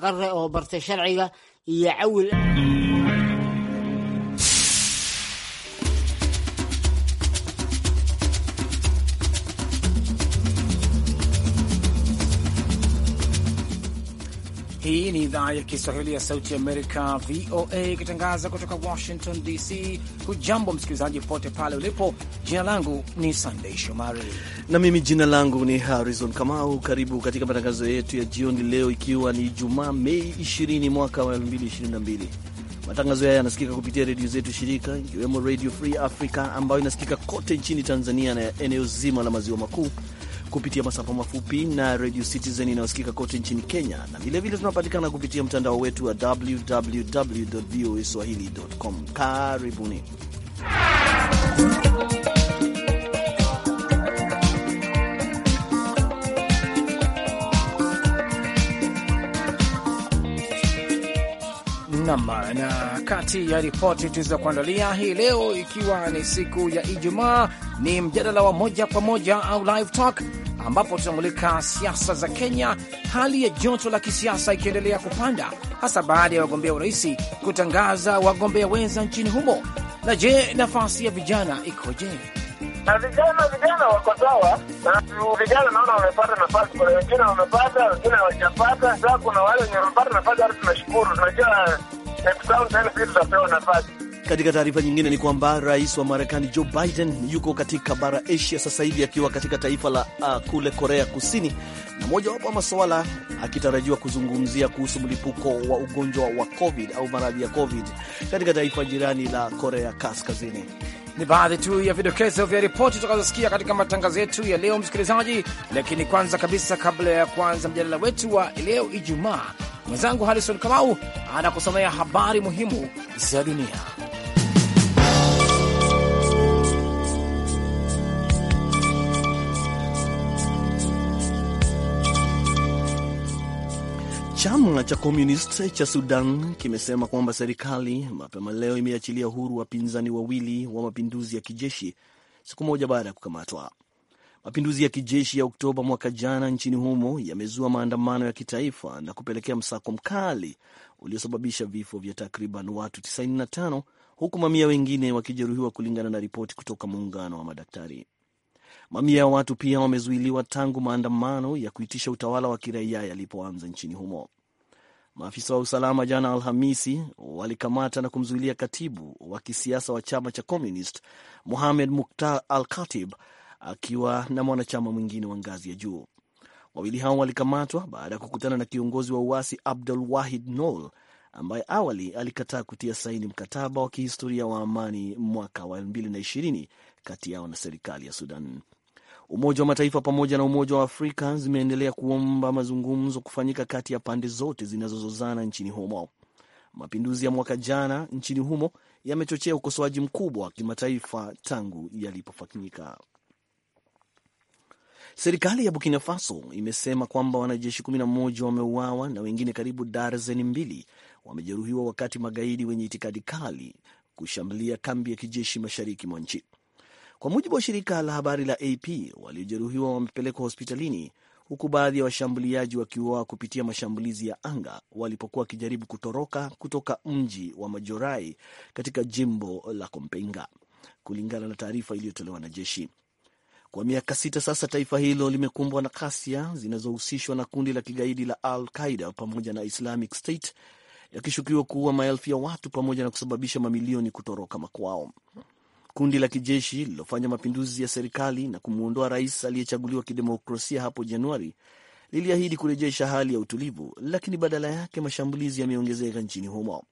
oo bartay sharciga iyo cawil Hii ni idhaa ya Kiswahili ya Sauti Amerika, VOA, ikitangaza kutoka Washington DC. Hujambo msikilizaji popote pale ulipo. Jina langu ni Sandei Shomari na mimi jina langu ni Harrison Kamau. Karibu katika matangazo yetu ya jioni leo, ikiwa ni Jumaa Mei 20 mwaka wa 2022. Matangazo haya yanasikika kupitia redio zetu shirika, ikiwemo Radio Free Africa ambayo inasikika kote nchini Tanzania na eneo zima la maziwa makuu kupitia masafa mafupi na Radio Citizen inayosikika kote nchini Kenya, na vilevile tunapatikana kupitia mtandao wetu wa www voa swahili.com. Karibuni. namba na kati ya ripoti tulizokuandalia hii leo, ikiwa ni siku ya Ijumaa, ni mjadala wa moja kwa moja au live talk ambapo tunamulika siasa za Kenya, hali ya joto la kisiasa ikiendelea kupanda, hasa baada ya wagombea uraisi kutangaza wagombea wenza nchini humo. Na je, nafasi ya vijana ikoje? na vijana vijana wako sawa, na vijana naona wamepata nafasi. Kuna wengine wamepata, wengine hawajapata. Sasa kuna wale wenye wamepata nafasi, hata tunashukuru, tunajua tutapewa nafasi katika taarifa nyingine ni kwamba rais wa Marekani Joe Biden yuko katika bara Asia sasa hivi akiwa katika taifa la uh, kule Korea Kusini, na mojawapo wa masuala akitarajiwa kuzungumzia kuhusu mlipuko wa ugonjwa wa COVID au maradhi ya COVID katika taifa jirani la Korea Kaskazini. Ni baadhi tu ya vidokezo vya ripoti tutakazosikia katika matangazo yetu ya leo, msikilizaji. Lakini kwanza kabisa, kabla ya kuanza mjadala wetu wa leo Ijumaa Mwenzangu Harison Kamau anakusomea habari muhimu za dunia. Chama cha Komunist cha Sudan kimesema kwamba serikali mapema leo imeachilia uhuru wapinzani wawili wa mapinduzi ya kijeshi siku moja baada ya kukamatwa. Mapinduzi ya kijeshi ya Oktoba mwaka jana nchini humo yamezua maandamano ya kitaifa na kupelekea msako mkali uliosababisha vifo vya takriban watu 95 huku mamia wengine wakijeruhiwa, kulingana na ripoti kutoka muungano wa madaktari. Mamia ya watu pia wamezuiliwa tangu maandamano ya kuitisha utawala wa kiraia yalipoanza nchini humo. Maafisa wa usalama jana Alhamisi walikamata na kumzuilia katibu wa kisiasa wa chama cha Communist Mohamed Muktar Al Khatib akiwa na mwanachama mwingine wa ngazi ya juu. Wawili hao walikamatwa baada ya kukutana na kiongozi wa uasi Abdul Wahid Nol ambaye awali alikataa kutia saini mkataba wa kihistoria wa amani mwaka wa 2020 kati yao na serikali ya Sudan. Umoja wa Mataifa pamoja na Umoja wa Afrika zimeendelea kuomba mazungumzo kufanyika kati ya pande zote zinazozozana nchini humo. Mapinduzi ya mwaka jana nchini humo yamechochea ukosoaji mkubwa wa kimataifa tangu yalipofanyika. Serikali ya Burkina Faso imesema kwamba wanajeshi 11 wameuawa na wengine karibu darzeni mbili wamejeruhiwa wakati magaidi wenye itikadi kali kushambulia kambi ya kijeshi mashariki mwa nchi. Kwa mujibu wa shirika la habari la AP, waliojeruhiwa wamepelekwa hospitalini huku baadhi ya wa washambuliaji wakiuawa kupitia mashambulizi ya anga walipokuwa wakijaribu kutoroka kutoka mji wa Majorai katika jimbo la Kompenga, kulingana na taarifa iliyotolewa na jeshi. Kwa miaka sita sasa, taifa hilo limekumbwa na ghasia zinazohusishwa na kundi la kigaidi la Al Qaida pamoja na Islamic State, yakishukiwa kuua maelfu ya watu pamoja na kusababisha mamilioni kutoroka makwao. Kundi la kijeshi lililofanya mapinduzi ya serikali na kumwondoa rais aliyechaguliwa kidemokrasia hapo Januari liliahidi kurejesha hali ya utulivu, lakini badala yake mashambulizi yameongezeka nchini humo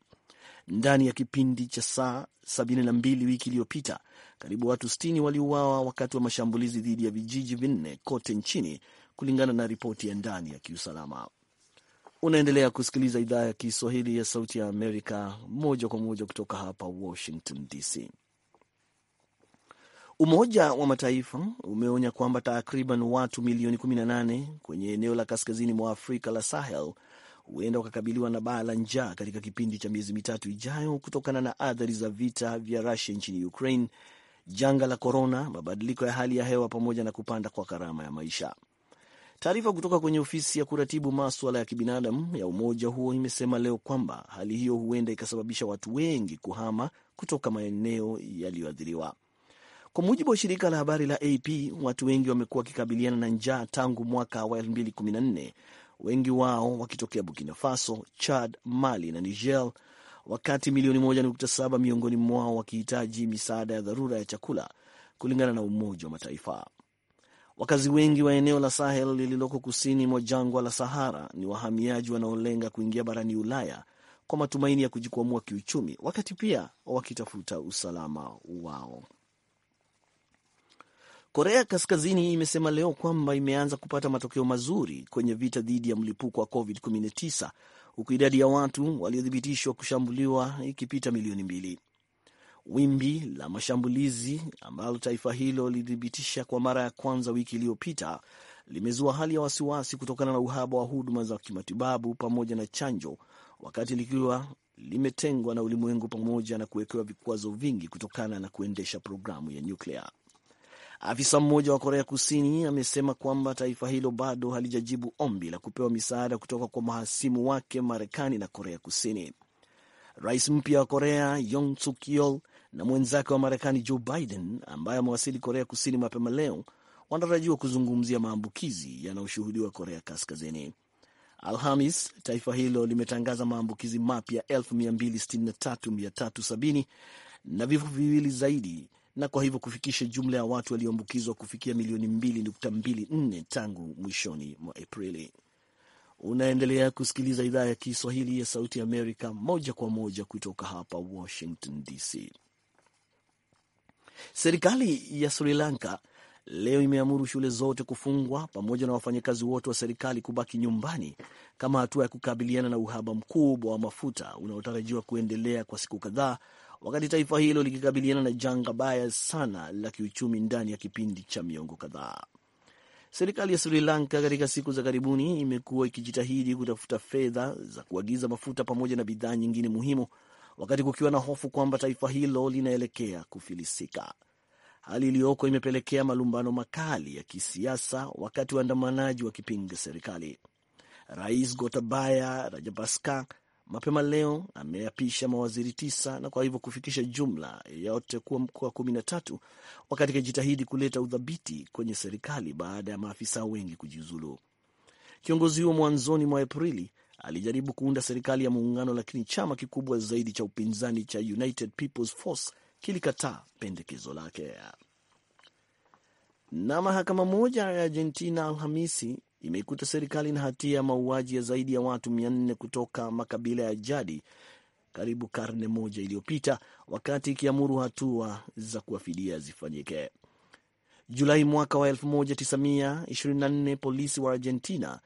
ndani ya kipindi cha saa 72 wiki iliyopita, karibu watu 60 waliuawa wakati wa mashambulizi dhidi ya vijiji vinne kote nchini, kulingana na ripoti ya ndani ya kiusalama. Unaendelea kusikiliza idhaa ya Kiswahili ya Sauti ya Amerika moja kwa moja kutoka hapa Washington DC. Umoja wa Mataifa umeonya kwamba takriban watu milioni 18 kwenye eneo la kaskazini mwa Afrika la Sahel huenda wakakabiliwa na baa la njaa katika kipindi cha miezi mitatu ijayo kutokana na athari za vita vya Rusia nchini Ukraine, janga la korona, mabadiliko ya hali ya hewa pamoja na kupanda kwa gharama ya maisha. Taarifa kutoka kwenye ofisi ya kuratibu maswala ya kibinadamu ya umoja huo imesema leo kwamba hali hiyo huenda ikasababisha watu wengi kuhama kutoka maeneo yaliyoathiriwa. Kwa mujibu wa shirika la habari la AP, watu wengi wamekuwa wakikabiliana na njaa tangu mwaka wa wengi wao wakitokea Burkina Faso, Chad, Mali na Niger, wakati milioni 1.7 miongoni mwao wakihitaji misaada ya dharura ya chakula, kulingana na Umoja wa Mataifa. Wakazi wengi wa eneo la Sahel lililoko kusini mwa jangwa la Sahara ni wahamiaji wanaolenga kuingia barani Ulaya kwa matumaini ya kujikwamua kiuchumi, wakati pia wakitafuta usalama wao. Korea Kaskazini imesema leo kwamba imeanza kupata matokeo mazuri kwenye vita dhidi ya mlipuko wa COVID-19 huku idadi ya watu waliothibitishwa kushambuliwa ikipita milioni mbili. Wimbi la mashambulizi ambalo taifa hilo lilithibitisha kwa mara ya kwanza wiki iliyopita limezua hali ya wasiwasi kutokana na uhaba wa huduma za kimatibabu pamoja na chanjo, wakati likiwa limetengwa na ulimwengu pamoja na kuwekewa vikwazo vingi kutokana na kuendesha programu ya nyuklia. Afisa mmoja wa Korea Kusini amesema kwamba taifa hilo bado halijajibu ombi la kupewa misaada kutoka kwa mahasimu wake Marekani na Korea Kusini. Rais mpya wa Korea Yoon Suk Yeol na mwenzake wa Marekani Joe Biden ambaye amewasili Korea Kusini mapema leo wanatarajiwa kuzungumzia maambukizi yanayoshuhudiwa Korea Kaskazini. Alhamis, taifa hilo limetangaza maambukizi mapya 263,370 na vifo viwili zaidi na kwa hivyo kufikisha jumla ya watu walioambukizwa kufikia milioni 2.24 tangu mwishoni mwa Aprili. Unaendelea kusikiliza idhaa ya Kiswahili ya Sauti ya Amerika moja kwa moja kutoka hapa Washington DC. Serikali ya Sri Lanka leo imeamuru shule zote kufungwa pamoja na wafanyakazi wote wa serikali kubaki nyumbani kama hatua ya kukabiliana na uhaba mkubwa wa mafuta unaotarajiwa kuendelea kwa siku kadhaa wakati taifa hilo likikabiliana na janga baya sana la kiuchumi ndani ya kipindi cha miongo kadhaa. Serikali ya Sri Lanka katika siku za karibuni imekuwa ikijitahidi kutafuta fedha za kuagiza mafuta pamoja na bidhaa nyingine muhimu, wakati kukiwa na hofu kwamba taifa hilo linaelekea kufilisika. Hali iliyoko imepelekea malumbano makali ya kisiasa, wakati waandamanaji wakipinga serikali. Rais Gotabaya Rajapaksa mapema leo ameapisha mawaziri tisa na kwa hivyo kufikisha jumla yote kuwa mkoa kumi na tatu wakati akijitahidi kuleta udhabiti kwenye serikali baada ya maafisa wengi kujiuzulu. Kiongozi huo mwanzoni mwa Aprili alijaribu kuunda serikali ya muungano, lakini chama kikubwa zaidi cha upinzani cha United People's Force kilikataa pendekezo lake. Na mahakama moja ya Argentina Alhamisi imeikuta serikali na hatia ya mauaji ya zaidi ya watu mia nne kutoka makabila ya jadi karibu karne moja iliyopita, wakati ikiamuru hatua za kuwafidia zifanyike. Julai mwaka wa 1924 polisi wa Argentina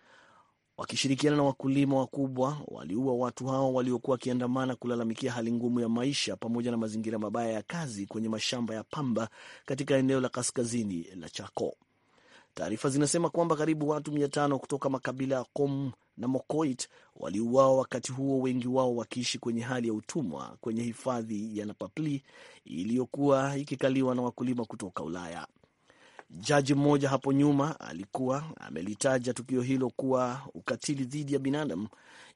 wakishirikiana na wakulima wakubwa waliua watu hao waliokuwa wakiandamana kulalamikia hali ngumu ya maisha pamoja na mazingira mabaya ya kazi kwenye mashamba ya pamba katika eneo la kaskazini la Chaco. Taarifa zinasema kwamba karibu watu mia tano kutoka makabila ya Kom na Mokoit waliuawa wakati huo, wengi wao wakiishi kwenye hali ya utumwa kwenye hifadhi ya Napapli iliyokuwa ikikaliwa na wakulima kutoka Ulaya. Jaji mmoja hapo nyuma alikuwa amelitaja tukio hilo kuwa ukatili dhidi ya binadamu,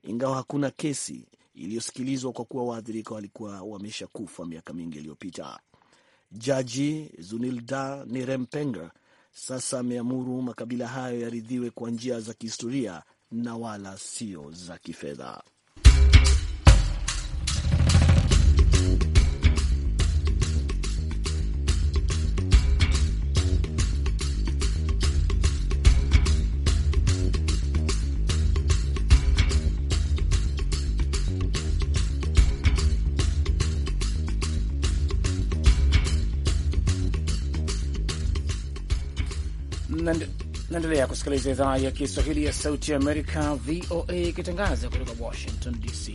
ingawa hakuna kesi iliyosikilizwa kwa kuwa waathirika walikuwa wameshakufa miaka mingi iliyopita. Jaji Zunilda nirempenger sasa ameamuru makabila hayo yaridhiwe kwa njia za kihistoria na wala sio za kifedha. Naendelea kusikiliza idhaa ya Kiswahili ya Sauti ya Amerika, VOA, ikitangaza kutoka Washington DC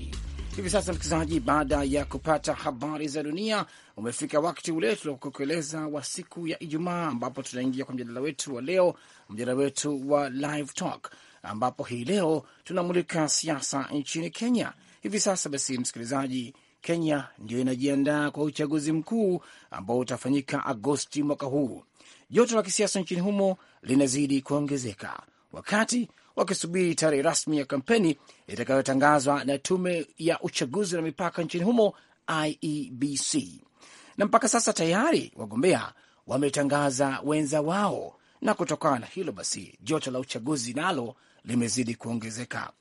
hivi sasa. Msikilizaji, baada ya kupata habari za dunia, umefika wakati ule tuliokueleza wa siku ya Ijumaa, ambapo tunaingia kwa mjadala wetu wa leo, mjadala wetu wa Live Talk, ambapo hii leo tunamulika siasa nchini Kenya hivi sasa. Basi msikilizaji, Kenya ndio inajiandaa kwa uchaguzi mkuu ambao utafanyika Agosti mwaka huu joto la kisiasa nchini humo linazidi kuongezeka wakati wakisubiri tarehe rasmi ya kampeni itakayotangazwa na tume ya uchaguzi na mipaka nchini humo IEBC. Na mpaka sasa tayari wagombea wametangaza wenza wao, na kutokana na hilo basi joto la uchaguzi nalo limezidi kuongezeka.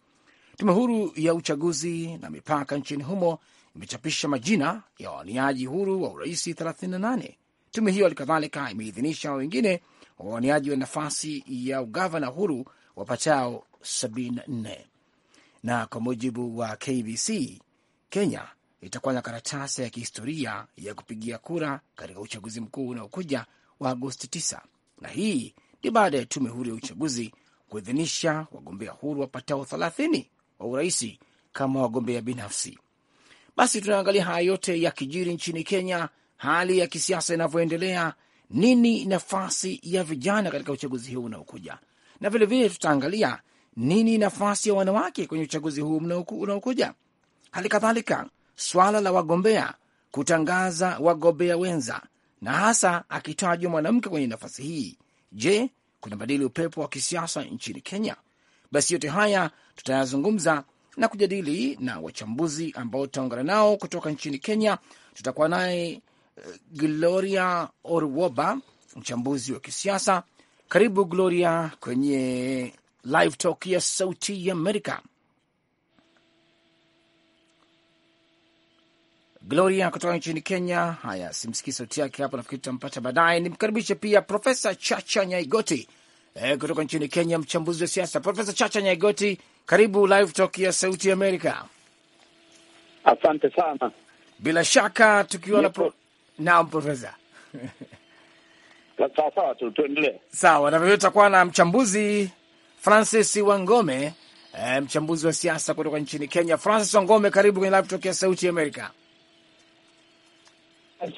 Tume huru ya uchaguzi na mipaka nchini humo imechapisha majina ya waaniaji huru wa uraisi 38 Tume hiyo halikadhalika imeidhinisha wengine wawaniaji wa nafasi ya ugavana huru wapatao 74 na kwa mujibu wa KBC, Kenya itakuwa na karatasi ya kihistoria ya kupigia kura katika uchaguzi mkuu unaokuja wa Agosti 9, na hii ni baada ya tume huru ya uchaguzi kuidhinisha wagombea huru wapatao 30 wa uraisi kama wagombea binafsi. Basi tunaangalia haya yote ya kijiri nchini Kenya hali ya kisiasa inavyoendelea, nini nafasi ya vijana katika uchaguzi huu unaokuja, na vilevile tutaangalia nini nafasi ya wanawake kwenye uchaguzi huu unaokuja. Hali kadhalika swala la wagombea kutangaza wagombea wenza, na hasa akitajwa mwanamke kwenye nafasi hii, je, kuna badili upepo wa kisiasa nchini Kenya? Basi yote haya tutayazungumza na kujadili na wachambuzi ambao tutaungana nao kutoka nchini Kenya. Tutakuwa naye Gloria Orwoba, mchambuzi wa kisiasa. Karibu Gloria kwenye Live Talk ya Sauti ya Amerika. Gloria kutoka nchini Kenya. Haya, simsikii sauti yake hapo, nafikiri tutampata baadaye. Nimkaribishe pia Profesa Chacha Nyaigoti e, kutoka nchini Kenya, mchambuzi wa siasa. Profesa Chacha Nyaigoti, karibu Live Talk ya Sauti Amerika. Asante sana. Bila shaka tukiwa na pro... Naam, Profesa. Sawa na vile tutakuwa na mchambuzi Francis Wangome, e, mchambuzi wa siasa kutoka nchini Kenya. Francis Wangome, karibu kwenye live kutoka Sauti ya Amerika.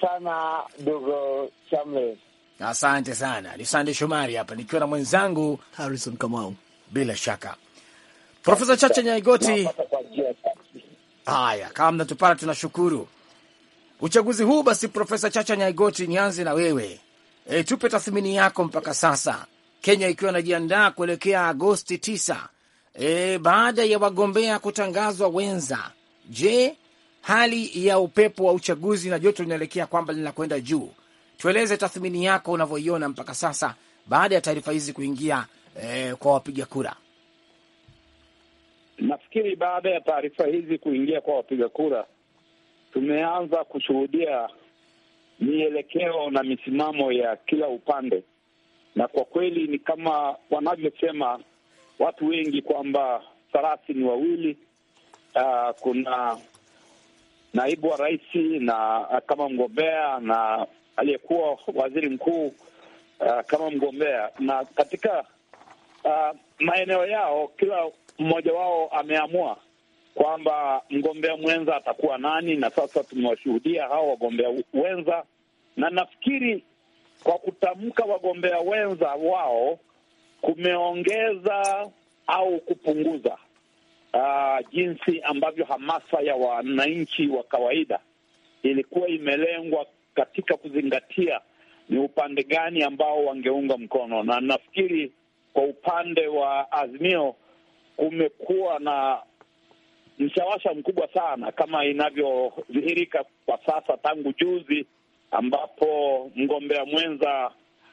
Sana ndugu Asante sana. Ni Sande Shomari hapa nikiwa na mwenzangu Harrison Kamau. Bila shaka Profesa Chacha Nyaigoti, haya kama mnatupata tunashukuru uchaguzi huu. Basi Profesa Chacha Nyaigoti, nianze na wewe. E, tupe tathmini yako mpaka sasa, Kenya ikiwa inajiandaa kuelekea Agosti tisa, e, baada ya wagombea kutangazwa wenza. Je, hali ya upepo wa uchaguzi na joto linaelekea kwamba linakwenda juu? Tueleze tathmini yako unavyoiona mpaka sasa baada ya taarifa hizi kuingia e, kwa wapiga kura. Nafikiri baada ya taarifa hizi kuingia kwa wapiga kura tumeanza kushuhudia mielekeo na misimamo ya kila upande, na kwa kweli ni kama wanavyosema watu wengi kwamba farasi ni wawili. Uh, kuna naibu wa rais na ah, kama mgombea na aliyekuwa waziri mkuu uh, kama mgombea, na katika uh, maeneo yao kila mmoja wao ameamua kwamba mgombea mwenza atakuwa nani, na sasa tumewashuhudia hawa wagombea wenza, na nafikiri kwa kutamka wagombea wenza wao kumeongeza au kupunguza uh, jinsi ambavyo hamasa ya wananchi wa kawaida ilikuwa imelengwa katika kuzingatia ni upande gani ambao wangeunga mkono, na nafikiri kwa upande wa Azimio kumekuwa na mshawasha mkubwa sana kama inavyodhihirika kwa sasa, tangu juzi ambapo mgombea mwenza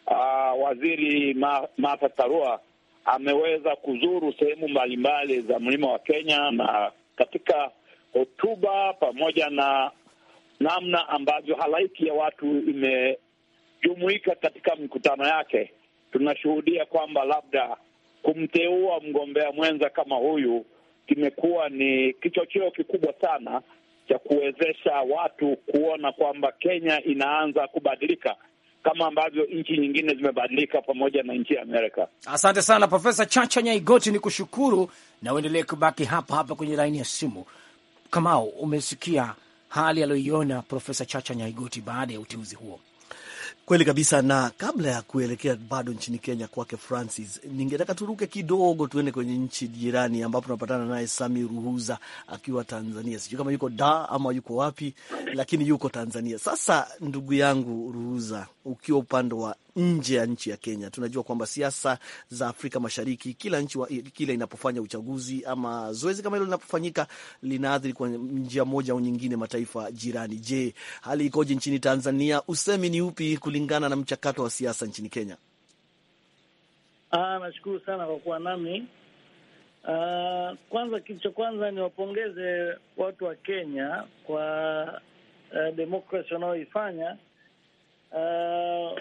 uh, waziri Martha Karua ameweza kuzuru sehemu mbalimbali za mlima wa Kenya, na katika hotuba pamoja na namna ambavyo halaiki ya watu imejumuika katika mikutano yake, tunashuhudia kwamba labda kumteua mgombea mwenza kama huyu kimekuwa ni kichocheo kikubwa sana cha kuwezesha watu kuona kwamba Kenya inaanza kubadilika kama ambavyo nchi nyingine zimebadilika pamoja na nchi ya Amerika. Asante sana Profesa Chacha Nyaigoti, ni kushukuru na uendelee kubaki hapa hapa kwenye laini ya simu. Kamao, umesikia hali aliyoiona Profesa Chacha Nyaigoti baada ya uteuzi huo. Kweli kabisa. Na kabla ya kuelekea bado nchini Kenya kwake Francis, ningetaka turuke kidogo tuende kwenye nchi jirani ambapo tunapatana naye Sami Ruhuza akiwa Tanzania. Sijui kama yuko da ama yuko wapi, lakini yuko Tanzania. Sasa ndugu yangu Ruhuza, ukiwa upande wa nje ya nchi ya Kenya. Tunajua kwamba siasa za Afrika Mashariki, kila nchi kila inapofanya uchaguzi ama zoezi kama hilo linapofanyika, linaathiri kwa njia moja au nyingine mataifa jirani. Je, hali ikoje nchini Tanzania? Usemi ni upi kulingana na mchakato wa siasa nchini Kenya? Ah, nashukuru sana kwa kuwa nami. Ah, kwanza, kitu cha kwanza ni wapongeze watu wa Kenya kwa uh, demokrasi wanaoifanya uh,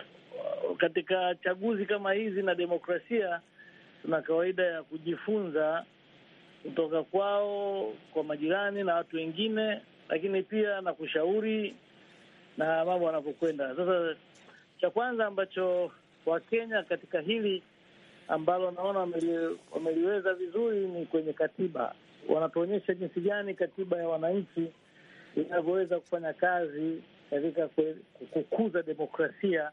katika chaguzi kama hizi na demokrasia tuna kawaida ya kujifunza kutoka kwao, kwa majirani na watu wengine, lakini pia na kushauri na mambo wanapokwenda. Sasa cha kwanza ambacho Wakenya katika hili ambalo naona wameli, wameliweza vizuri ni kwenye katiba. Wanatuonyesha jinsi gani katiba ya wananchi inavyoweza kufanya kazi katika kukuza demokrasia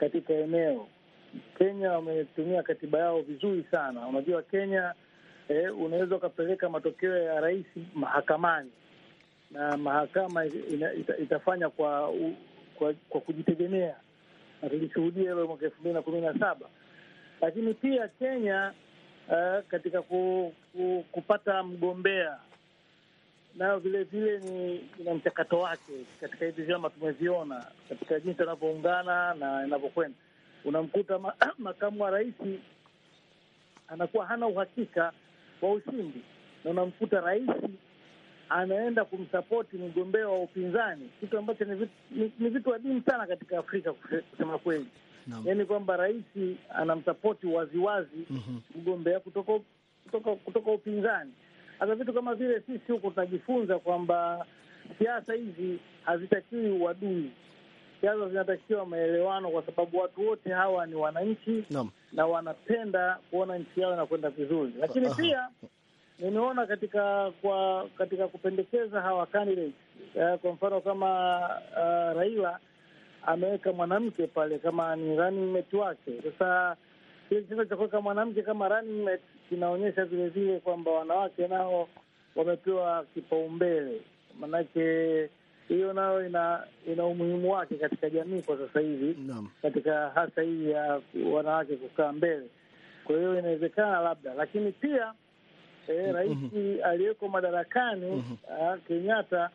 katika eneo. Kenya wametumia katiba yao vizuri sana. Unajua Kenya eh, unaweza ukapeleka matokeo ya rais mahakamani na mahakama ina, ita, itafanya kwa, u, kwa kwa kujitegemea, na tulishuhudia hilo mwaka elfu mbili na kumi na saba. Lakini pia Kenya uh, katika ku, ku, kupata mgombea nayo vile vile ni ina mchakato wake katika hivi vyama. Tumeviona katika jinsi anavyoungana na inavyokwenda, unamkuta ma, makamu wa rais anakuwa hana uhakika wa ushindi, na unamkuta rais anaenda kumsapoti mgombea wa upinzani, kitu ambacho ni vitu, ni, ni vitu adimu sana katika Afrika kusema kweli no. Yaani kwamba rais anamsapoti waziwazi mhm. mgombea mm -hmm. kutoka kutoka kutoka upinzani hata vitu kama vile sisi huku tunajifunza kwamba siasa hizi hazitakiwi uadui, siasa zinatakiwa maelewano, kwa sababu watu wote hawa ni wananchi no. na wanapenda kuona nchi yao inakwenda vizuri, lakini uh -huh. pia nimeona katika kwa katika kupendekeza hawa uh, kwa mfano kama uh, Raila ameweka mwanamke pale kama ni running mate wake. Sasa Kitendo cha kuweka mwanamke kama running mate kinaonyesha vilevile kwamba wanawake nao wamepewa kipaumbele, manake hiyo nayo ina ina umuhimu wake katika jamii kwa sasa hivi no. katika hasa hii ya wanawake kukaa mbele. Kwa hiyo inawezekana labda, lakini pia eh, mm-hmm. rais mm -hmm. aliyeko madarakani mm -hmm. Kenyatta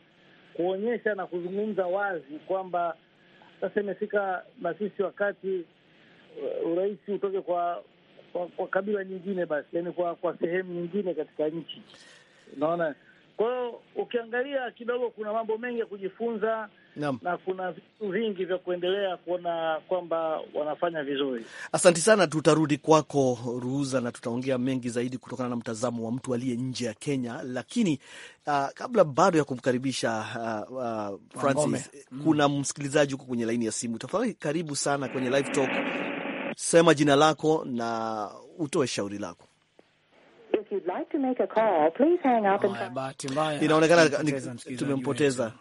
kuonyesha na kuzungumza wazi kwamba sasa imefika na sisi wakati urais utoke kwa, kwa kwa kabila nyingine basi, yani kwa kwa sehemu nyingine katika nchi. Unaona, kwa hiyo ukiangalia kidogo, kuna mambo mengi ya kujifunza. Naam. Na kuna vitu vingi vya kuendelea kuona kwamba wanafanya vizuri. Asante sana, tutarudi kwako ruuza na tutaongea mengi zaidi kutokana na mtazamo wa mtu aliye nje ya Kenya, lakini uh, kabla bado ya kumkaribisha uh, uh, Francis Mangome. Kuna msikilizaji huko kwenye laini ya simu. Tafadhali karibu sana kwenye Live Talk Sema jina lako na utoe shauri lako. Inaonekana tumempoteza.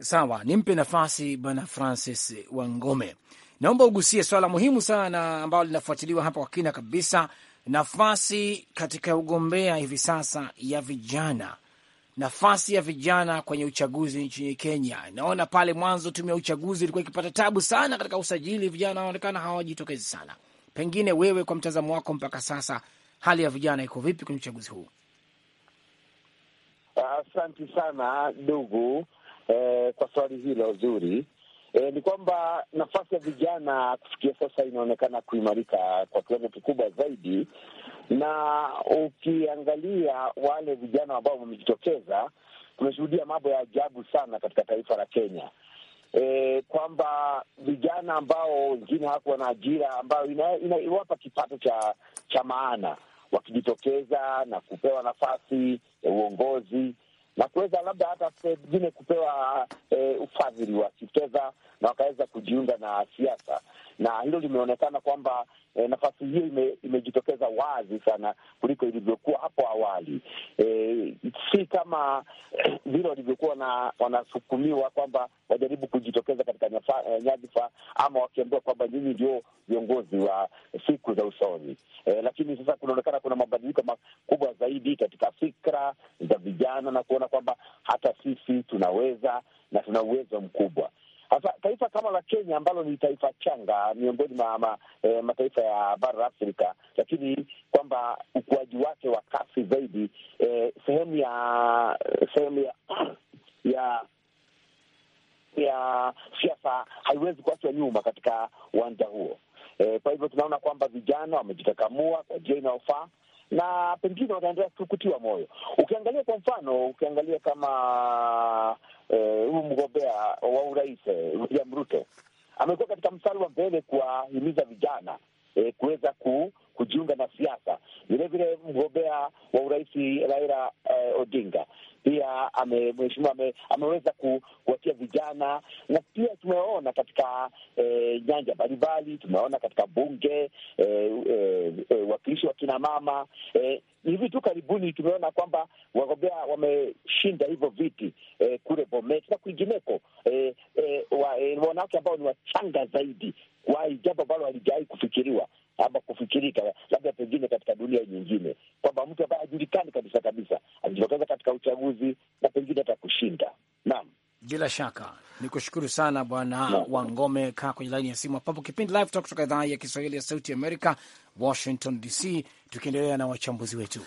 Sawa, nimpe nafasi Bwana Francis Wangome. Naomba ugusie swala muhimu sana ambalo linafuatiliwa hapa kwa kina kabisa, nafasi katika ugombea hivi sasa ya vijana nafasi ya vijana kwenye uchaguzi nchini Kenya. Naona pale mwanzo tume ya uchaguzi ilikuwa ikipata tabu sana katika usajili, vijana wanaonekana hawajitokezi sana. Pengine wewe kwa mtazamo wako, mpaka sasa hali ya vijana iko vipi kwenye uchaguzi huu? Asante uh, sana ndugu eh, kwa swali hilo zuri. Eh, ni kwamba nafasi ya vijana kufikia sasa inaonekana kuimarika kwa kiwango kikubwa zaidi, na ukiangalia wale vijana ambao wamejitokeza, tumeshuhudia mambo ya ajabu sana katika taifa la Kenya. E, kwamba vijana ambao wengine hawakuwa na ajira ambayo inawapa ina, kipato cha cha maana wakijitokeza na kupewa nafasi ya uongozi na kuweza labda hata pengine kupewa e, ufadhili wa kifedha na wakaweza kujiunga na siasa na hilo limeonekana kwamba e, nafasi hiyo ime, imejitokeza wazi sana kuliko ilivyokuwa hapo awali. e, si kama eh, vile walivyokuwa wanasukumiwa kwamba wajaribu kujitokeza katika nyadhifa ama wakiambiwa kwamba nyinyi ndio viongozi wa siku za usoni. e, lakini sasa kunaonekana kuna mabadiliko makubwa zaidi katika fikra za vijana na kuona kwamba hata sisi tunaweza na tuna uwezo mkubwa. Sasa taifa kama la Kenya ambalo ni taifa changa miongoni mwa ma, e, mataifa ya bara la Afrika, lakini kwamba ukuaji wake wa kasi zaidi e, sehemu ya sehemu ya ya ya siasa haiwezi kuachwa nyuma katika uwanja huo. E, kwa hivyo tunaona kwamba vijana wamejitakamua kwa njia inayofaa na pengine wataendelea kutiwa moyo. Ukiangalia kwa mfano, ukiangalia kama Eh, huu uh, mgombea wa urais eh, William Ruto amekuwa katika mstari wa mbele kuwahimiza vijana eh, kuweza ku, kujiunga na siasa. Vilevile mgombea wa urais Raila eh, Odinga pia ame, mheshimiwa ame, ameweza ku, kuwatia vijana, na pia tumeona katika eh, nyanja mbalimbali, tumeona katika bunge eh, eh, eh, wakilishi wa kinamama eh, hivi tu karibuni tumeona kwamba wagombea wameshinda hivyo viti e, kule Bomet na kwingineko e, e, wa, e, wanawake ambao ni wachanga zaidi kwa jambo ambalo halijawahi kufikiriwa ama kufikirika, labda pengine katika dunia nyingine, kwamba mtu ambaye hajulikani kabisa kabisa alijitokeza katika uchaguzi na pengine hata kushinda. Naam. Bila shaka ni kushukuru sana Bwana Wangome, kaa kwenye laini ya simu hapapo. Kipindi Live Talk kutoka idhaa ya Kiswahili ya Sauti Amerika. Washington DC, tukiendelea na wachambuzi wetu.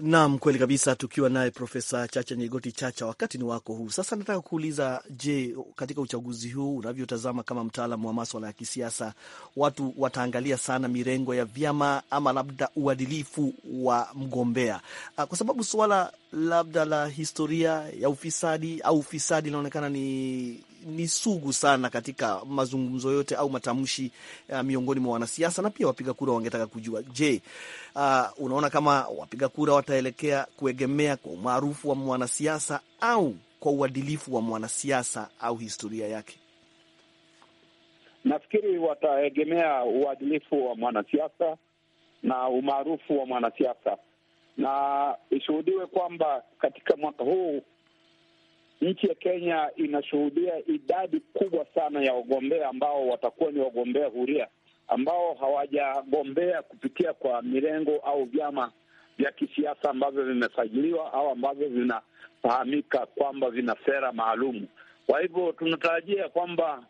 Naam, kweli kabisa, tukiwa naye Profesa Chacha Nyegoti Chacha, wakati ni wako huu sasa. Nataka kuuliza, je, katika uchaguzi huu unavyotazama kama mtaalamu wa maswala ya kisiasa, watu wataangalia sana mirengo ya vyama ama labda uadilifu wa mgombea, ah, kwa sababu suala labda la historia ya ufisadi au ufisadi inaonekana ni ni sugu sana katika mazungumzo yote au matamshi uh, miongoni mwa wanasiasa na pia wapiga kura wangetaka kujua, je, uh, unaona kama wapiga kura wataelekea kuegemea kwa umaarufu wa mwanasiasa au kwa uadilifu wa mwanasiasa au historia yake? Nafikiri wataegemea uadilifu wa mwanasiasa na umaarufu wa mwanasiasa, na ishuhudiwe kwamba katika mwaka huu nchi ya Kenya inashuhudia idadi kubwa sana ya wagombea ambao watakuwa ni wagombea huria ambao hawajagombea kupitia kwa mirengo au vyama vya kisiasa ambavyo vimesajiliwa au ambavyo vinafahamika kwamba vina sera maalum Kwa hivyo tunatarajia kwamba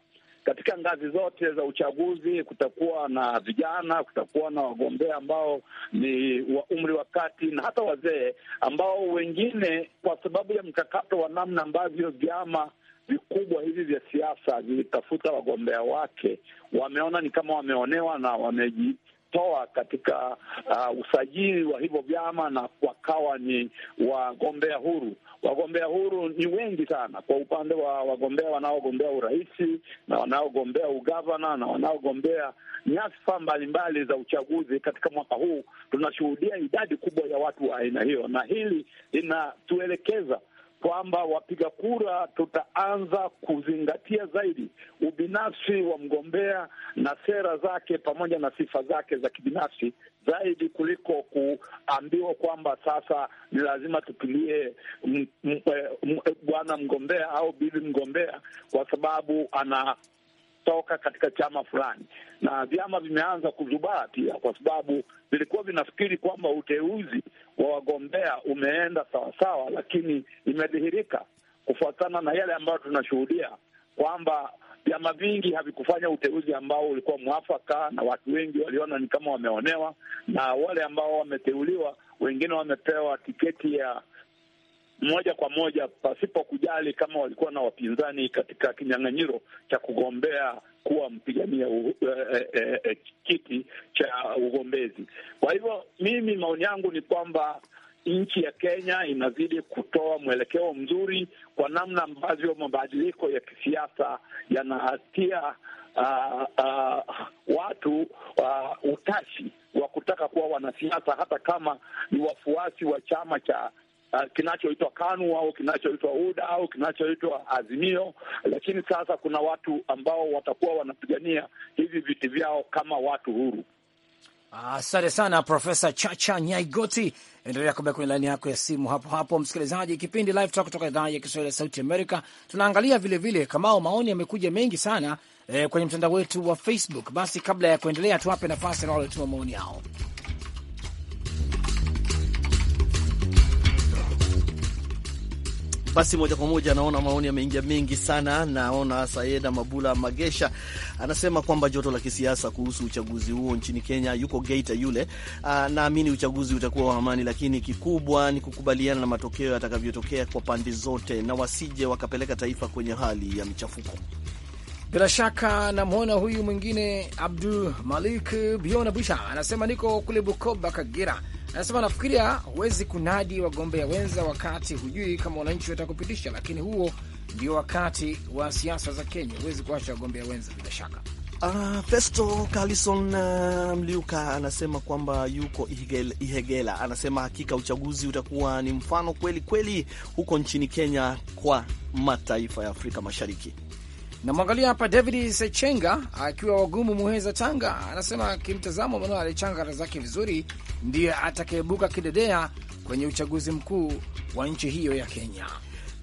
katika ngazi zote za uchaguzi kutakuwa na vijana, kutakuwa na wagombea ambao ni wa umri wa kati na hata wazee, ambao wengine kwa sababu ya mchakato wa namna ambavyo vyama vikubwa hivi vya siasa vilitafuta wagombea wake, wameona ni kama wameonewa na wameji kujitoa katika uh, usajili wa hivyo vyama na wakawa ni wagombea huru. Wagombea huru ni wengi sana kwa upande wa wagombea wanaogombea urais na wanaogombea ugavana na wanaogombea nyadhifa mbalimbali za uchaguzi. Katika mwaka huu tunashuhudia idadi kubwa ya watu wa aina hiyo, na hili linatuelekeza kwamba wapiga kura tutaanza kuzingatia zaidi ubinafsi wa mgombea na sera zake pamoja na sifa zake za kibinafsi zaidi kuliko kuambiwa kwamba sasa ni lazima tupilie eh, eh, bwana mgombea au bibi mgombea kwa sababu ana kutoka katika chama fulani, na vyama vimeanza kuzubaa pia, kwa sababu vilikuwa vinafikiri kwamba uteuzi wa wagombea umeenda sawasawa, lakini imedhihirika kufuatana na yale ambayo tunashuhudia kwamba vyama vingi havikufanya uteuzi ambao ulikuwa mwafaka, na watu wengi waliona ni kama wameonewa, na wale ambao wameteuliwa, wengine wamepewa tiketi ya moja kwa moja pasipo kujali kama walikuwa na wapinzani katika kinyang'anyiro cha kugombea kuwa mpigania uh, eh, eh, kiti cha ugombezi. Kwa hivyo mimi maoni yangu ni kwamba nchi ya Kenya inazidi kutoa mwelekeo mzuri kwa namna ambavyo mabadiliko ya kisiasa yanahatia uh, uh, watu uh, utashi wa kutaka kuwa wanasiasa hata kama ni wafuasi wa chama cha uh, kinachoitwa KANU au kinachoitwa UDA au kinachoitwa Azimio, lakini sasa kuna watu ambao watakuwa wanapigania hivi viti vyao kama watu huru. Asante ah, sana Profesa Chacha Nyaigoti. Endelea kubaki kwenye laini yako ya simu hapo hapo, msikilizaji. Kipindi Live Talk kutoka idhaa ya Kiswahili ya Sauti Amerika, tunaangalia vilevile kamao maoni yamekuja mengi sana eh, kwenye mtandao wetu wa Facebook. Basi kabla ya kuendelea, tuwape nafasi na waliotuma maoni yao. Basi moja kwa moja, naona maoni yameingia mengi sana. Naona Sayeda Mabula Magesha anasema kwamba joto la kisiasa kuhusu uchaguzi huo nchini Kenya, yuko Geita yule, ah, naamini uchaguzi utakuwa wa amani, lakini kikubwa ni kukubaliana na matokeo yatakavyotokea kwa pande zote, na wasije wakapeleka taifa kwenye hali ya michafuko. Bila shaka namwona huyu mwingine Abdul Malik Biona Busha anasema niko kule Bukoba, Kagera Anasema nafikiria huwezi kunadi wagombea wenza wakati hujui kama wananchi watakupitisha, lakini huo ndio wakati wa siasa za Kenya. Huwezi kuacha wagombea wenza bila shaka. Uh, Festo Kalison uh, ah, Mliuka anasema kwamba yuko Ihegela anasema hakika uchaguzi utakuwa ni mfano kweli kweli huko nchini Kenya kwa mataifa ya Afrika Mashariki. Namwangalia hapa David Sechenga akiwa wagumu Muheza, Tanga, anasema kimtazamo maneno alichanga hata zake vizuri, ndiye atakayebuka kidedea kwenye uchaguzi mkuu wa nchi hiyo ya Kenya.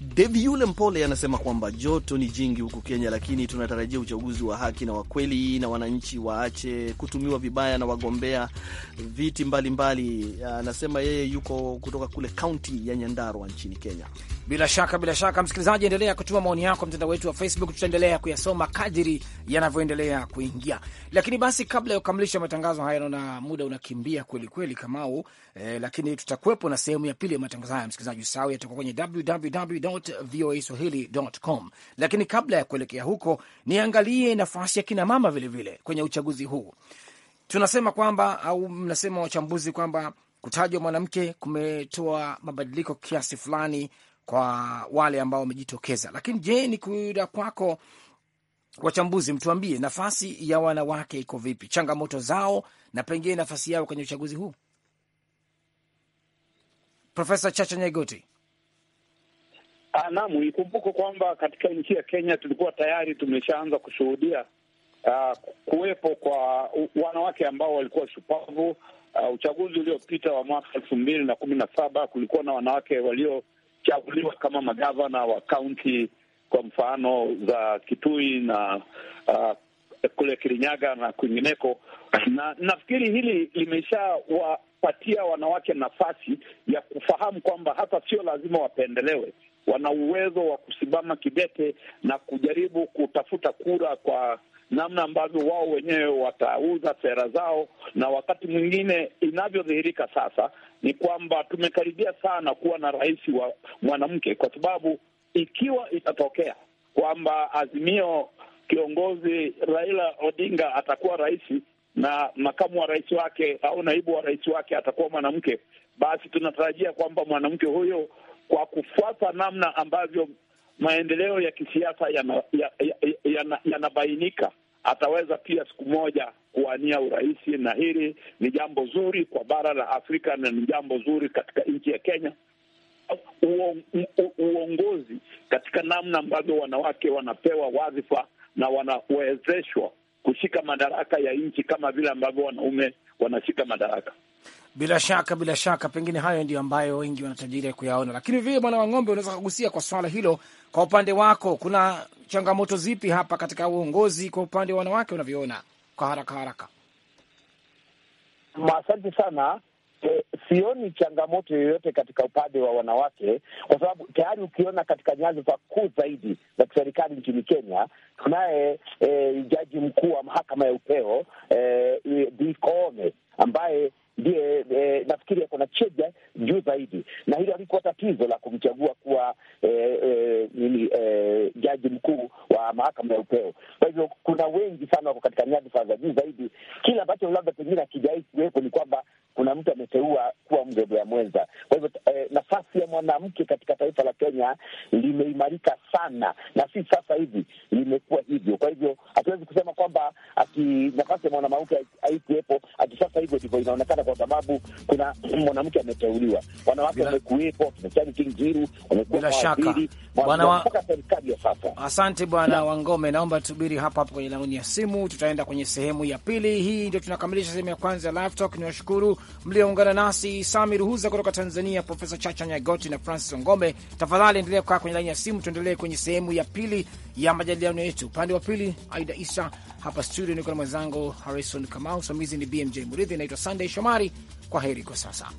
Devi yule Mpole anasema kwamba joto ni jingi huku Kenya, lakini tunatarajia uchaguzi wa haki na wakweli, na wananchi waache kutumiwa vibaya na wagombea viti mbalimbali. Anasema yeye yuko kutoka kule kaunti ya Nyandarua nchini Kenya. Bila shaka, bila shaka, msikilizaji, endelea kutuma maoni yako mtandao wetu wa Facebook, tutaendelea kuyasoma kadiri yanavyoendelea kuingia. Lakini basi, kabla ya kukamilisha matangazo haya, naona muda unakimbia kwelikweli, Kamau eh, lakini tutakuwepo na sehemu ya pili ya matangazo haya, msikilizaji, sawa, yatakuwa kwenye www.voaswahili.com. Lakini kabla ya kuelekea huko, niangalie nafasi ya kina mama vilevile vile kwenye uchaguzi huu. Tunasema kwamba au mnasema wachambuzi kwamba kutajwa mwanamke kumetoa mabadiliko kiasi fulani kwa wale ambao wamejitokeza. Lakini je, ni kuda kwako, wachambuzi, mtuambie nafasi ya wanawake iko vipi, changamoto zao na pengine nafasi yao kwenye uchaguzi huu? Profesa Chacha Nyaigoti. Ah, naam, ikumbuke kwamba katika nchi ya Kenya tulikuwa tayari tumeshaanza kushuhudia uh, kuwepo kwa wanawake ambao walikuwa shupavu. Uh, uchaguzi uliopita wa mwaka elfu mbili na kumi na saba kulikuwa na wanawake waliochaguliwa kama magavana wa kaunti, kwa mfano za Kitui na uh, kule Kirinyaga na kwingineko, na nafikiri hili limesha wa kupatia wanawake nafasi ya kufahamu kwamba hata sio lazima wapendelewe, wana uwezo wa kusimama kidete na kujaribu kutafuta kura kwa namna ambavyo wao wenyewe watauza sera zao. Na wakati mwingine inavyodhihirika sasa ni kwamba tumekaribia sana kuwa na rais wa mwanamke, kwa sababu ikiwa itatokea kwamba Azimio kiongozi Raila Odinga atakuwa rais, na makamu wa rais wake au naibu wa rais wake atakuwa mwanamke, basi tunatarajia kwamba mwanamke huyo kwa kufuata namna ambavyo maendeleo ya kisiasa yanabainika ya, ya, ya, ya ataweza pia siku moja kuwania urais, na hili ni jambo zuri kwa bara la Afrika na ni jambo zuri katika nchi ya Kenya. uongozi katika namna ambavyo wanawake wanapewa wadhifa na wanawezeshwa kushika madaraka ya nchi kama vile ambavyo wanaume wanashika madaraka. Bila shaka, bila shaka, pengine hayo ndio ambayo wengi wanatajiri kuyaona. Lakini vile wa Wang'ombe, unaweza kugusia kwa swala hilo, kwa upande wako kuna changamoto zipi hapa katika uongozi kwa upande wa wanawake unavyoona? Kwa haraka haraka, asante sana. Eh, sioni changamoto yoyote katika upande wa wanawake, kwa sababu tayari ukiona katika nyadhifa kuu zaidi za kiserikali nchini Kenya tunaye eh, jaji mkuu wa mahakama ya upeo eh, Bi Koome ambaye ndiye e, nafikiri ako na cheja juu zaidi, na hilo alikuwa tatizo la kumchagua kuwa e, e, nini e, jaji mkuu wa mahakama ya upeo. Kwa hivyo kuna wengi sana wako katika nyadhifa za juu zaidi. Kile ambacho labda pengine akijai kuwepo ni kwamba kuna mtu ameteua kuwa mgombea mwenza. Kwa hivyo e, nafasi ya mwanamke katika taifa la Kenya limeimarika sana, na si sasa hivi, limekuwa hivyo. Kwa hivyo hatuwezi kusema kwamba ati nafasi ya mwanamke haikuwepo ati sasa hivyo ndivyo inaonekana kwa sababu kuna mwanamke ameteuliwa, wanawake wamekuwepo, tumesali Kingiru wamekuwa mawaziri mpaka serikali ya sasa. Asante Bwana Wangome, naomba tusubiri hapa hapo kwenye laini ya simu, tutaenda kwenye sehemu ya pili. Hii ndio tunakamilisha sehemu ya kwanza ya Live Talk. Niwashukuru mlioungana nasi, Sami Ruhuza kutoka Tanzania, Profesa Chacha Nyagoti na Francis Wangome. Tafadhali endelea kukaa kwenye laini ya simu, tuendelee kwenye sehemu ya pili ya majadiliano yetu. Upande wa pili, Aida Isa hapa studio, niko na mwenzangu Harrison Kamau, msimamizi ni BMJ Muridhi, naitwa Sunday Shomari habari. Kwa heri kwa sasa.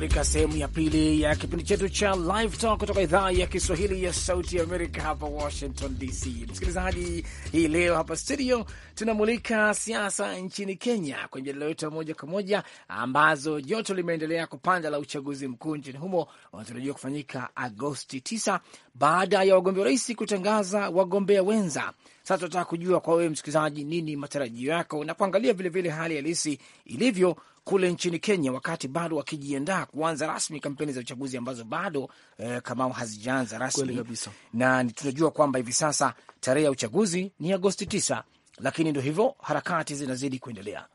katika sehemu ya pili ya kipindi chetu cha Live Talk kutoka idhaa ya Kiswahili ya Sauti ya Amerika hapa Washington DC. Msikilizaji, hii leo hapa studio tunamulika siasa nchini Kenya kwenye mjadala wetu wa moja kwa moja, ambazo joto limeendelea kupanda la uchaguzi mkuu nchini humo unatarajiwa kufanyika Agosti 9 baada ya wagombea urais kutangaza wagombea wenza. Sasa tunataka kujua kwa wewe msikilizaji, nini matarajio yako na kuangalia vilevile hali halisi ilivyo kule nchini Kenya, wakati bado wakijiandaa kuanza rasmi kampeni za uchaguzi ambazo bado eh, kamao hazijaanza rasmi na tunajua kwamba hivi sasa tarehe ya uchaguzi ni Agosti tisa, lakini ndo hivyo harakati zinazidi kuendelea.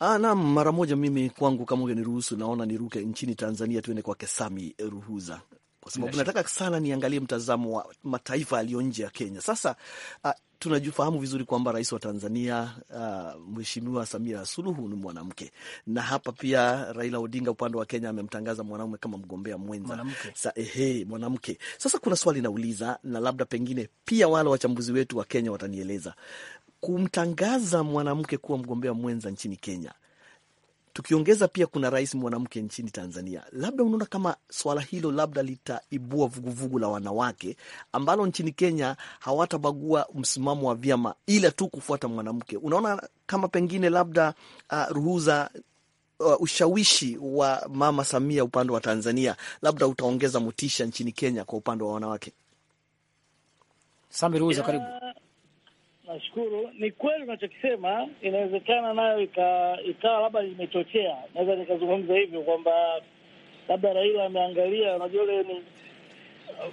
Ah, naam, mara moja mimi kwangu kama ungeniruhusu, naona niruke nchini Tanzania, tuende kwake Sami Ruhuza kwa sababu nataka sana niangalie mtazamo wa mataifa yaliyo nje ya Kenya. Sasa uh, tunajifahamu vizuri kwamba rais wa Tanzania uh, Mheshimiwa Samia Suluhu ni mwanamke, na hapa pia Raila Odinga upande wa Kenya amemtangaza mwanaume kama mgombea mwenza mwanamke. Sa, sasa kuna swali nauliza, na labda pengine pia wale wachambuzi wetu wa Kenya watanieleza, kumtangaza mwanamke kuwa mgombea mwenza nchini Kenya Tukiongeza pia kuna rais mwanamke nchini Tanzania. Labda unaona kama swala hilo labda litaibua vuguvugu la wanawake ambalo nchini Kenya hawatabagua msimamo wa vyama ila tu kufuata mwanamke. Unaona kama pengine labda uh, ruhuza uh, ushawishi wa Mama Samia upande wa Tanzania labda utaongeza mutisha nchini Kenya kwa upande wa wanawake. Sami Ruhuza, karibu. Nashukuru. Ni kweli unachokisema, inawezekana nayo ikawa labda imechochea Naweza nikazungumza hivyo kwamba labda Raila ameangalia, unajua ule ni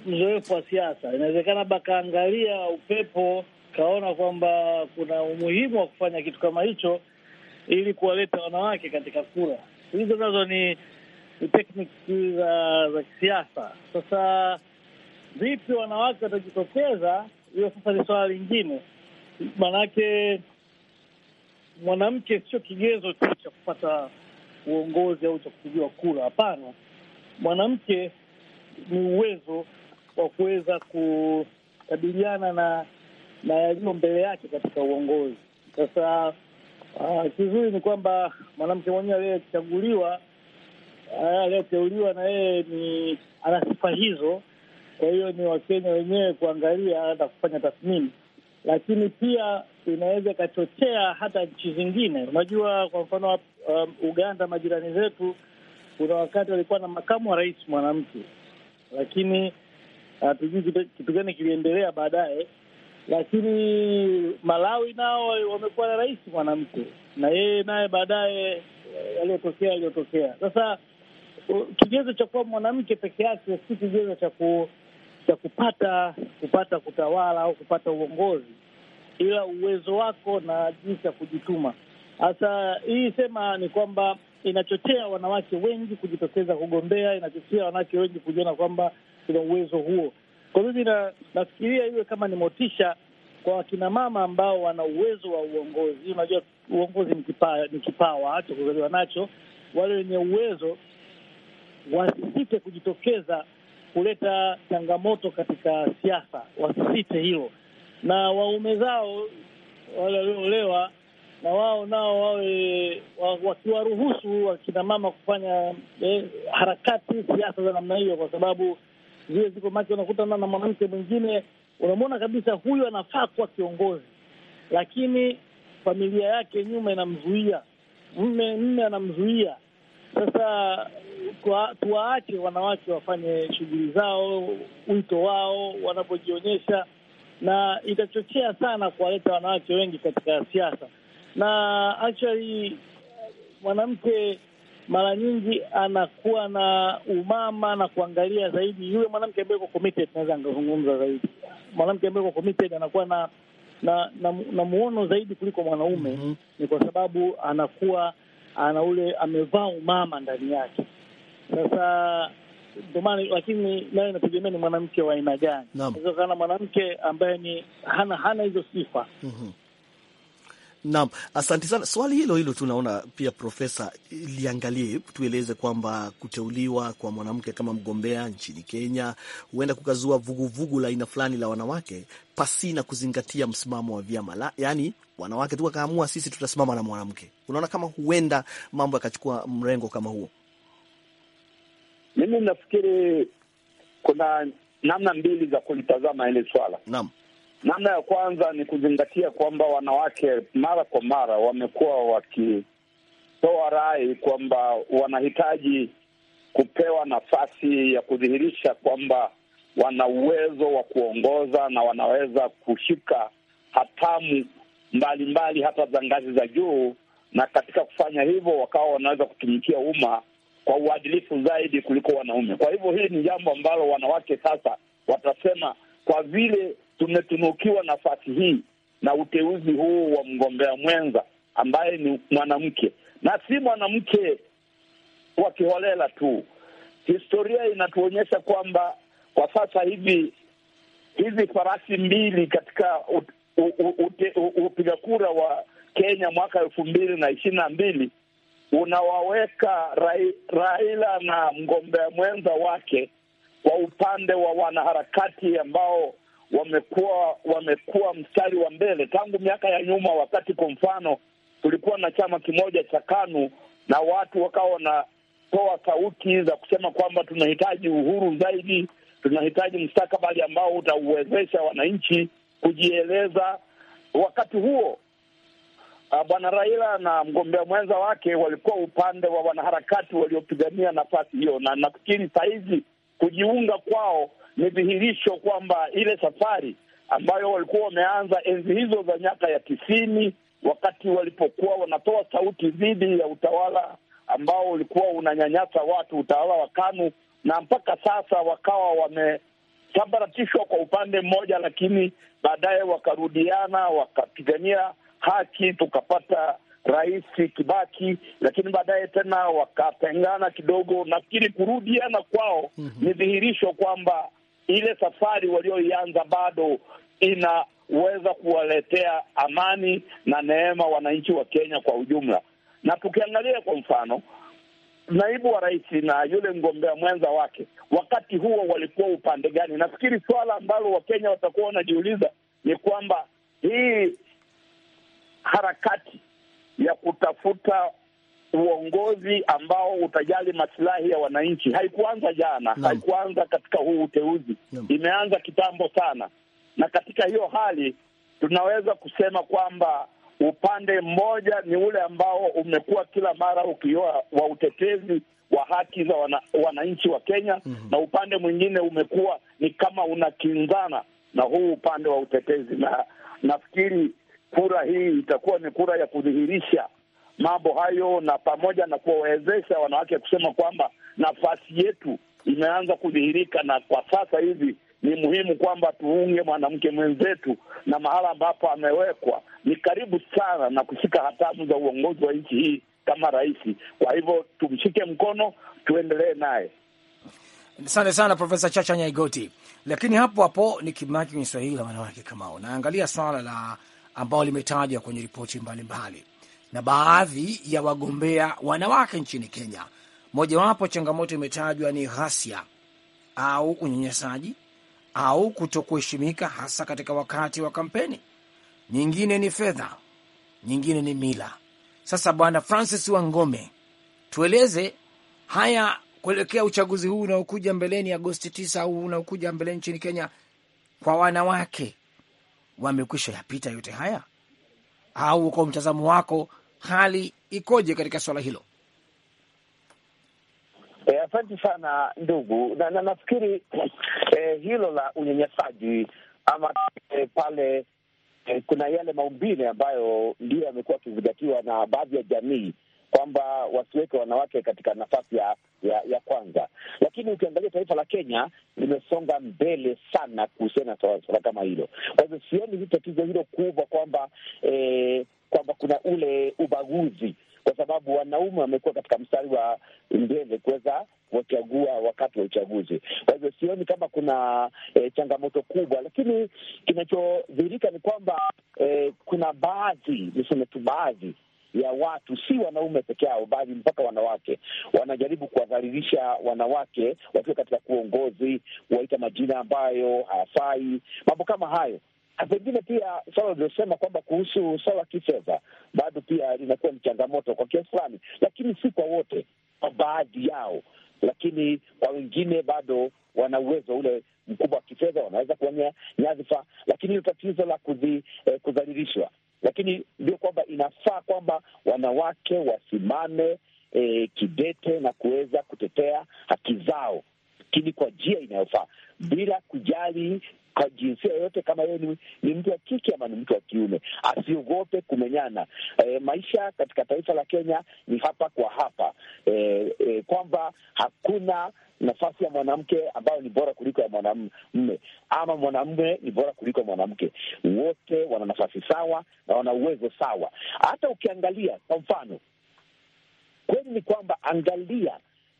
mzoefu uh, wa siasa, inawezekana labda akaangalia upepo, kaona kwamba kuna umuhimu wa kufanya kitu kama hicho ili kuwaleta wanawake katika kura. Hizo nazo ni tekniki za za kisiasa. Sasa vipi wanawake watajitokeza, hiyo sasa ni swala lingine. Maanake mwanamke sio kigezo tu cha kupata uongozi au cha kupigiwa kura. Hapana, mwanamke ni uwezo wa kuweza kukabiliana na na yaliyo mbele yake katika uongozi. Sasa uh, kizuri ni kwamba mwanamke mwenyewe aliyechaguliwa ah, aliyeteuliwa na yeye ni ana sifa hizo. Kwa hiyo ni Wakenya wenyewe kuangalia na kufanya tathmini lakini pia inaweza ikachochea hata nchi zingine. Unajua, kwa mfano um, Uganda, majirani zetu, kuna wakati walikuwa na makamu wa rais mwanamke, lakini uh, hatujui uh, kitu gani kiliendelea baadaye. Lakini Malawi nao wamekuwa na rais mwanamke, na yeye naye baadaye eh, aliyotokea aliyotokea. Sasa uh, kigezo cha kuwa mwanamke peke yake si kigezo cha ku cha kupata kupata kutawala au kupata uongozi, ila uwezo wako na jinsi ya kujituma. Sasa hii sema ni kwamba inachochea wanawake wengi kujitokeza kugombea, inachochea wanawake wengi kujiona kwamba tuna uwezo huo. Kwa mimi na, nafikiria iwe kama ni motisha kwa wakina mama ambao wana uwezo wa uongozi. Unajua, uongozi ni kipawa, ni kipawa cha kuzaliwa nacho. Wale wenye uwezo wasisite kujitokeza kuleta changamoto katika siasa, wasisite hilo, na waume zao wale walioolewa na wao nao wawe wakiwaruhusu wakina mama kufanya eh, harakati siasa za namna hiyo, kwa sababu zile ziko maki, unakuta na mwanamke mwingine unamwona kabisa huyu anafaa kuwa kiongozi, lakini familia yake nyuma inamzuia, mme mme anamzuia sasa tuwaache wanawake wafanye shughuli zao, wito wao wanapojionyesha, na itachochea sana kuwaleta wanawake wengi katika siasa. Na actually mwanamke mara nyingi anakuwa na umama na kuangalia zaidi yule mwanamke ambaye yuko committed, naweza angazungumza zaidi. Mwanamke ambaye yuko committed anakuwa na na, na, na muono zaidi kuliko mwanaume mm -hmm. Ni kwa sababu anakuwa ana ule amevaa umama ndani yake. Sasa ndio maana, lakini nayo inategemea ni mwanamke wa aina gani. kana mwanamke ambaye ni hana hana hizo sifa mm -hmm. Naam, asante sana. Swali hilo hilo tunaona pia Profesa liangalie, tueleze kwamba kuteuliwa kwa mwanamke kama mgombea nchini Kenya huenda kukazua vuguvugu la aina fulani la wanawake pasina kuzingatia msimamo wa vyama yaani wanawake, wakaamua sisi tutasimama na mwanamke. Unaona kama huenda mambo yakachukua mrengo kama huo? Mimi nafikiri kuna namna mbili za kulitazama hili swala. Naam, namna ya kwanza ni kuzingatia kwamba wanawake mara kwa mara wamekuwa wakitoa rai kwamba wanahitaji kupewa nafasi ya kudhihirisha kwamba wana uwezo wa kuongoza na wanaweza kushika hatamu mbalimbali hata za ngazi za juu, na katika kufanya hivyo wakawa wanaweza kutumikia umma kwa uadilifu zaidi kuliko wanaume. Kwa hivyo hili ni jambo ambalo wanawake sasa watasema, kwa vile tumetunukiwa nafasi hii na uteuzi huu wa mgombea mwenza ambaye ni mwanamke na si mwanamke wa kiholela tu. Historia inatuonyesha kwamba kwa sasa hivi hizi farasi mbili katika upiga kura wa Kenya mwaka elfu mbili na ishirini na mbili unawaweka Rai, Raila na mgombea mwenza wake kwa upande wa wanaharakati ambao wamekuwa wamekuwa mstari wa mbele tangu miaka ya nyuma, wakati kwa mfano tulikuwa na chama kimoja cha KANU na watu wakawa wanatoa sauti za kusema kwamba tunahitaji uhuru zaidi, tunahitaji mustakabali ambao utauwezesha wananchi kujieleza. Wakati huo ah, bwana Raila na mgombea mwenza wake walikuwa upande wa wanaharakati waliopigania nafasi hiyo, na nafikiri sahizi kujiunga kwao ni dhihirisho kwamba ile safari ambayo walikuwa wameanza enzi hizo za miaka ya tisini wakati walipokuwa wanatoa sauti dhidi ya utawala ambao ulikuwa unanyanyasa watu, utawala wa KANU, na mpaka sasa wakawa wame wakasambaratishwa kwa upande mmoja, lakini baadaye wakarudiana, wakapigania haki, tukapata Rais Kibaki, lakini baadaye tena wakatengana kidogo. Nafikiri kurudiana kwao mm -hmm. ni dhihirisho kwamba ile safari walioianza bado inaweza kuwaletea amani na neema wananchi wa Kenya kwa ujumla. Na tukiangalia kwa mfano naibu wa rais na yule mgombea mwenza wake wakati huo walikuwa upande gani? Nafikiri swala ambalo Wakenya watakuwa wanajiuliza ni kwamba hii harakati ya kutafuta uongozi ambao utajali masilahi ya wananchi haikuanza jana no. haikuanza katika huu uteuzi no. imeanza kitambo sana, na katika hiyo hali tunaweza kusema kwamba Upande mmoja ni ule ambao umekuwa kila mara ukioa wa utetezi wa haki za wana, wananchi wa Kenya mm -hmm. na upande mwingine umekuwa ni kama unakinzana na huu upande wa utetezi, na nafikiri kura hii itakuwa ni kura ya kudhihirisha mambo hayo na pamoja na kuwawezesha wanawake kusema kwamba nafasi yetu imeanza kudhihirika, na kwa sasa hivi ni muhimu kwamba tuunge mwanamke mwenzetu na mahala ambapo amewekwa ni karibu sana na kushika hatamu za uongozi wa nchi hii kama rais. Kwa hivyo tumshike mkono, tuendelee naye. Asante sana Profesa Chacha Nyaigoti. Lakini hapo hapo ni kimaki kwenye swahili la wanawake, kama unaangalia swala la ambao limetajwa kwenye ripoti mbalimbali na baadhi ya wagombea wanawake nchini Kenya, mojawapo changamoto imetajwa ni ghasia au unyanyasaji au kutokuheshimika, hasa katika wakati wa kampeni. Nyingine ni fedha, nyingine ni mila. Sasa Bwana Francis Wangome, tueleze haya kuelekea uchaguzi huu unaokuja mbeleni Agosti 9 au unaokuja mbeleni nchini Kenya, kwa wanawake wamekwisha yapita yote haya au kwa mtazamo wako hali ikoje katika swala hilo? E, asante sana ndugu, na, na nafikiri eh, hilo la unyanyasaji ama eh, pale eh, kuna yale maumbile ambayo ndiyo yamekuwa akizingatiwa na baadhi ya jamii kwamba wasiweke wanawake katika nafasi ya, ya, ya kwanza, lakini ukiangalia taifa la Kenya limesonga mbele sana kuhusiana na swala kama hilo. Kwa hivyo sioni hii tatizo hilo kubwa kwamba eh, kwamba kuna ule ubaguzi kwa sababu wanaume wamekuwa katika mstari wa mbele kuweza wachagua wakati wa uchaguzi. Kwa hivyo sioni kama kuna e, changamoto kubwa, lakini kinachodhihirika ni kwamba e, kuna baadhi, niseme tu baadhi ya watu si wanaume peke yao, bali mpaka wanawake wanajaribu kuwadhalilisha wanawake wakiwa katika kuongozi, kuwaita majina ambayo hayafai, mambo kama hayo. Ah, pengine pia swala uliosema kwamba kuhusu swala kifedha bado pia linakuwa ni changamoto kwa kiasi fulani, lakini si kwa wote, kwa baadhi yao, lakini kwa wengine bado wana uwezo ule mkubwa wa kifedha, wanaweza kuwania nyadhifa, lakini hilo tatizo la kudhi, eh, kudhalilishwa. Lakini ndio kwamba inafaa kwamba wanawake wasimame eh, kidete na kuweza kutetea haki zao, lakini kwa njia inayofaa bila kujali kwa jinsia yoyote, kama yeye ni, ni mtu wa kike ama ni mtu wa kiume, asiogope kumenyana. E, maisha katika taifa la Kenya ni hapa kwa hapa, e, e, kwamba hakuna nafasi ya mwanamke ambayo ni bora kuliko ya mwanamume ama mwanamume ni bora kuliko mwanamke. Wote wana nafasi sawa na wana uwezo sawa. Hata ukiangalia kwa mfano, kweli ni kwamba, angalia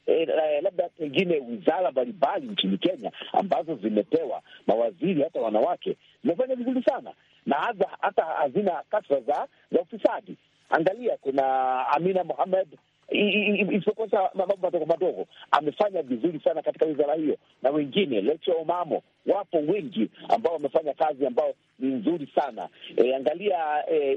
Eh, eh, labda pengine wizara mbalimbali nchini Kenya ambazo zimepewa mawaziri hata wanawake zimefanya vizuri sana, na hata hata hazina kasra za za ufisadi. Angalia, kuna Amina Mohamed isipokosa mambo madogo madogo, amefanya vizuri sana katika wizara hiyo, na wengine Lecho Omamo wapo wengi ambao wamefanya kazi ambao ni nzuri sana. E, angalia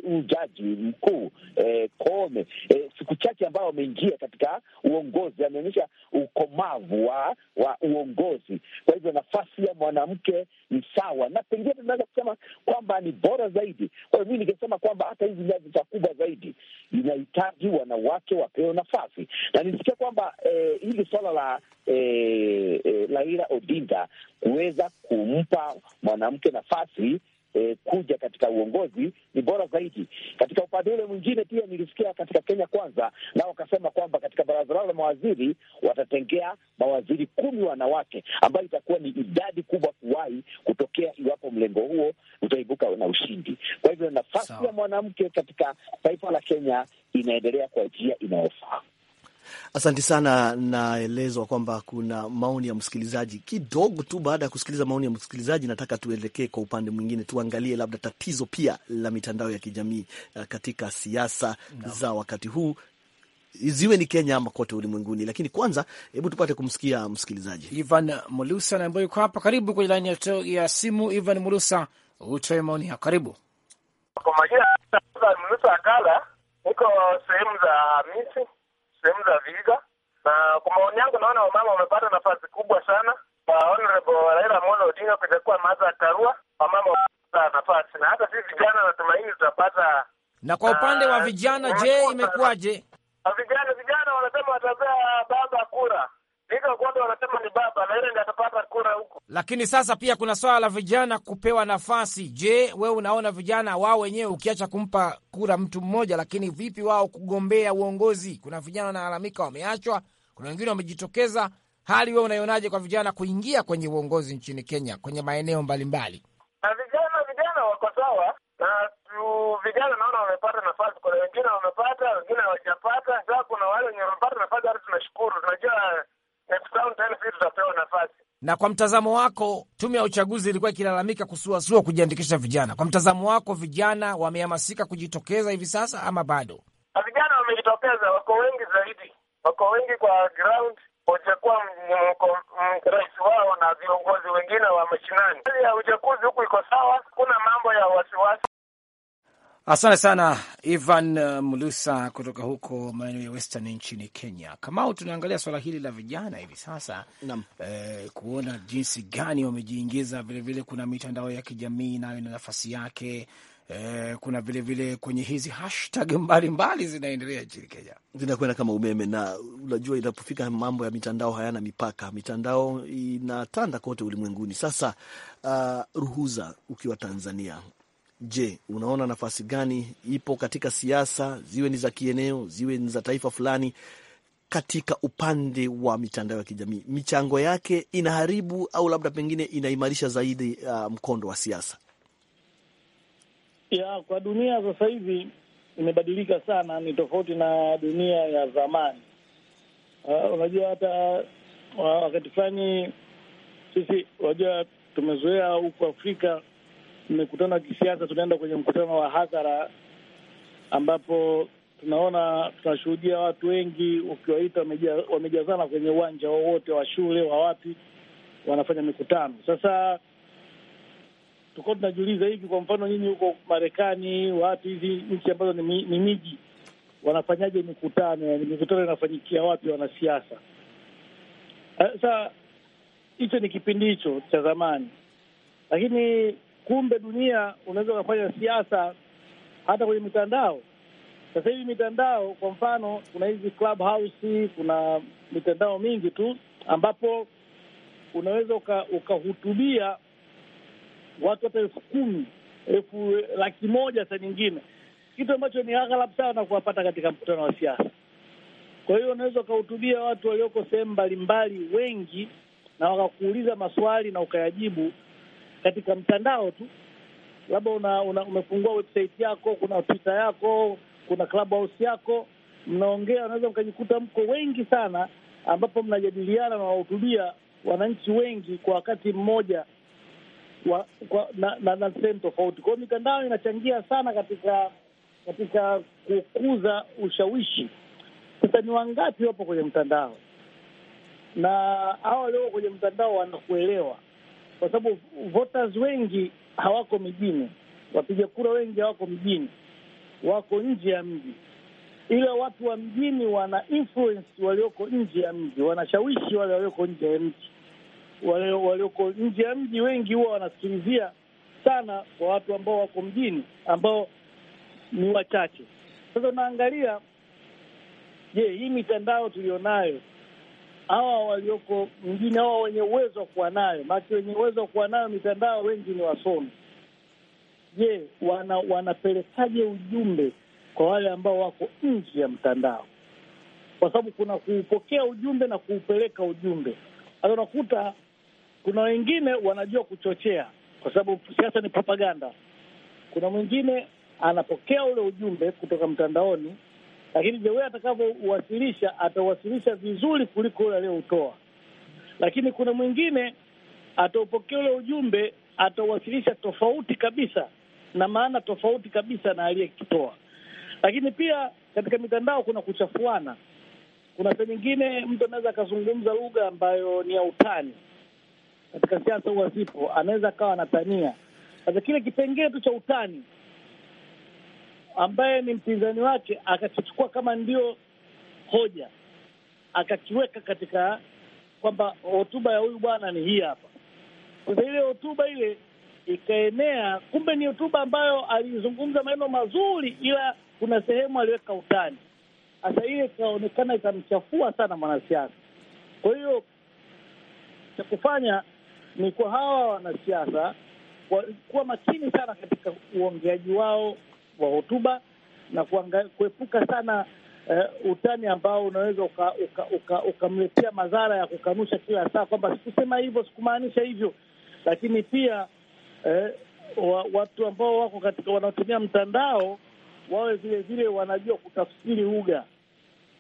huu e, jaji mkuu e, Koome e, siku chache ambao wameingia katika uongozi ameonyesha ukomavu wa, wa uongozi. Kwa hivyo nafasi ya mwanamke ni sawa, na pengine tunaweza kusema kwamba ni bora zaidi. Kwa hiyo nikisema ningesema kwamba hata hizi nyadhifa kubwa zaidi inahitaji wanawake wapewe nafasi, na nisikia kwamba e, hili swala la eh, eh, Raila Odinga kuweza kumpa mwanamke nafasi E, kuja katika uongozi ni bora zaidi. Katika upande ule mwingine pia nilisikia katika Kenya Kwanza nao wakasema kwamba katika baraza lao la mawaziri watatengea mawaziri kumi wanawake, ambayo itakuwa ni idadi kubwa kuwahi kutokea iwapo mlengo huo utaibuka na ushindi. Kwa hivyo nafasi so, ya mwanamke katika taifa la Kenya inaendelea kwa njia inayofaa. Asante sana. Naelezwa kwamba kuna maoni ya msikilizaji kidogo tu. Baada ya kusikiliza maoni ya msikilizaji, nataka tuelekee kwa upande mwingine, tuangalie labda tatizo pia la mitandao ya kijamii eh, katika siasa no. za wakati huu ziwe ni Kenya ama kote ulimwenguni. Lakini kwanza, hebu tupate kumsikia msikilizaji Ivan Mulusa ambaye yuko hapa karibu kwenye laini ya simu. Ivan Mulusa, utoe maoni yako, karibu. Kwa majina Mulusa Akala, niko sehemu za Misi sehemu za Viga, na kwa maoni yangu naona wamama wamepata nafasi kubwa sana kwa Honorable Raila Amolo Odinga kuchukua Martha Karua. Wamama wamepata nafasi na hata sisi vijana natumaini tutapata. Na kwa upande wa ah, vijana, je, imekuwaje? Ah, vijana vijana wanasema watazaa baba kura, niko kwanza wanasema ni baba na ile ndiye atapata kura huko lakini sasa pia kuna swala la vijana kupewa nafasi. Je, wewe unaona vijana wao wenyewe, ukiacha kumpa kura mtu mmoja, lakini vipi wao kugombea uongozi? Kuna vijana wanalalamika wameachwa, kuna wengine wamejitokeza. Hali wewe unaionaje kwa vijana kuingia kwenye uongozi nchini Kenya kwenye maeneo mbalimbali? Na vijana vijana wako sawa na tu, vijana naona wamepata nafasi. Kuna wengine wamepata, wengine hawajapata. Sasa kuna wale wenye wamepata nafasi, hata tunashukuru, tunajua tutapewa nafasi na kwa mtazamo wako, tume ya uchaguzi ilikuwa ikilalamika kusuasua kujiandikisha vijana. Kwa mtazamo wako, vijana wamehamasika kujitokeza hivi sasa ama bado? Vijana wamejitokeza, wako wengi zaidi, wako wengi kwa ground wachakuwa rais wao na viongozi wengine wa mashinani. Hali ya uchaguzi huku iko sawa, kuna mambo ya wasiwasi. Asante sana Ivan uh, Mulusa kutoka huko maeneo ya Western nchini Kenya. Kamau, tunaangalia swala hili la vijana hivi sasa eh, kuona jinsi gani wamejiingiza. Vilevile kuna mitandao ya kijamii nayo na nafasi yake eh, kuna vilevile vile kwenye hizi hashtag mbalimbali zinaendelea nchini Kenya, zinakwenda kama umeme, na unajua inapofika mambo ya mitandao hayana mipaka, mitandao inatanda kote ulimwenguni. Sasa uh, ruhuza ukiwa Tanzania Je, unaona nafasi gani ipo katika siasa, ziwe ni za kieneo, ziwe ni za taifa fulani, katika upande wa mitandao ya kijamii? Michango yake inaharibu au labda pengine inaimarisha zaidi uh, mkondo wa siasa ya kwa dunia sasa hivi imebadilika sana, ni tofauti na dunia ya zamani. Uh, unajua hata uh, wakati fulani sisi, unajua tumezoea huku Afrika Mikutano ya kisiasa tunaenda kwenye mkutano wa hadhara, ambapo tunaona tunashuhudia watu wengi ukiwaita, wamejazana kwenye uwanja wowote wa shule wa wapi, wanafanya mikutano. Sasa tuko tunajiuliza hivi, kwa mfano nyinyi huko Marekani, wapi, hizi nchi ambazo ni, ni miji, wanafanyaje mikutano? Yani mikutano inafanyikia wapi wanasiasa? Eh, sasa hicho ni kipindi hicho cha zamani, lakini Kumbe dunia unaweza ukafanya siasa hata kwenye mitandao. Sasa hivi mitandao, kwa mfano, kuna hizi Clubhouse, kuna mitandao mingi tu ambapo unaweza ukahutubia uka watu hata elfu kumi elfu laki moja saa nyingine, kitu ambacho ni aghalabu sana kuwapata katika mkutano wa siasa. Kwa hiyo unaweza ukahutubia watu walioko sehemu mbalimbali wengi, na wakakuuliza maswali na ukayajibu katika mtandao tu, labda una, una, umefungua website yako, kuna Twitter yako, kuna Clubhouse yako, mnaongea, unaweza mkajikuta mko wengi sana, ambapo mnajadiliana na wahutubia wananchi wengi kwa wakati mmoja wa, kwa, na, na, na sehemu tofauti. Kwa hiyo mitandao inachangia sana katika katika kukuza ushawishi. Sasa ni wangapi wapo kwenye mtandao na hawa walioko kwenye mtandao wanakuelewa? kwa sababu voters wengi hawako mijini, wapiga kura wengi hawako mjini wako nje ya mji, ila watu wa mjini wana influence walioko nje ya mji, wanashawishi wale walioko nje ya mji. Wale walioko nje ya mji wengi huwa wanasikilizia sana kwa watu ambao wako mjini, ambao ni wachache. Sasa unaangalia, je, hii mitandao tulionayo hawa walioko mjini, hawa wenye uwezo wa kuwa nayo, maki, wenye uwezo wa kuwa nayo mitandao wengi ni wasomi. Je, wana, wanapelekaje ujumbe kwa wale ambao wako nje ya mtandao? Kwa sababu kuna kuupokea ujumbe na kuupeleka ujumbe. Hasa unakuta kuna wengine wanajua kuchochea, kwa sababu siasa ni propaganda. Kuna mwingine anapokea ule ujumbe kutoka mtandaoni lakini je, atakavyowasilisha atawasilisha vizuri kuliko yule aliyoutoa. Lakini kuna mwingine ataupokea ule ujumbe, atawasilisha tofauti kabisa na maana tofauti kabisa na aliyekitoa. Lakini pia katika mitandao kuna kuchafuana. Kuna saa nyingine mtu anaweza akazungumza lugha ambayo ni ya utani, katika siasa huwa zipo, anaweza akawa anatania. Sasa kile kipengele tu cha utani ambaye ni mpinzani wake akakichukua kama ndio hoja, akakiweka katika kwamba hotuba ya huyu bwana ni hii hapa. Sasa ile hotuba ile ikaenea, kumbe ni hotuba ambayo alizungumza maneno mazuri, ila kuna sehemu aliweka utani. Sasa ile ikaonekana ikamchafua sana mwanasiasa. Kwa hiyo cha kufanya ni kwa hawa wanasiasa kuwa makini sana katika uongeaji wao kwa hotuba na kuepuka sana uh, utani ambao unaweza ukamletea uka, uka, uka madhara ya kukanusha kila saa kwamba sikusema hivyo, sikumaanisha hivyo. Lakini pia uh, wa, watu ambao wako katika wanaotumia mtandao wawe vile vile wanajua kutafsiri lugha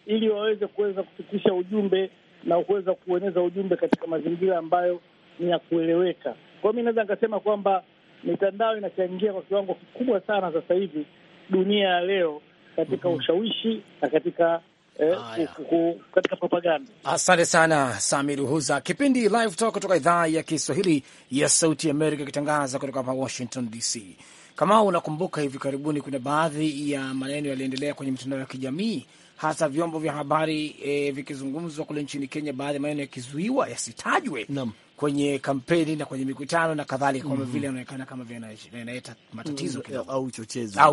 ili waweze kuweza kufikisha ujumbe na kuweza kueneza ujumbe katika mazingira ambayo ni ya kueleweka. Kwa hiyo mi naweza nikasema kwamba mitandao inachangia kwa kiwango kikubwa sana sasa hivi dunia ya leo katika mm -hmm. ushawishi na katika Eh, katika propaganda. Asante sana Sami Ruhuza. Kipindi Live Talk kutoka idhaa ya Kiswahili ya Sauti Amerika ikitangaza kutoka hapa Washington DC. Kama unakumbuka, hivi karibuni kuna baadhi ya maneno yaliendelea kwenye mitandao ya kijamii hasa vyombo vya habari e, vikizungumzwa kule nchini Kenya, baadhi ya maneno yakizuiwa yasitajwe kwenye kampeni na kwenye mikutano na kadhalika, kama mhm. vile yanaonekana kama vile yanaleta matatizo mm, kidogo au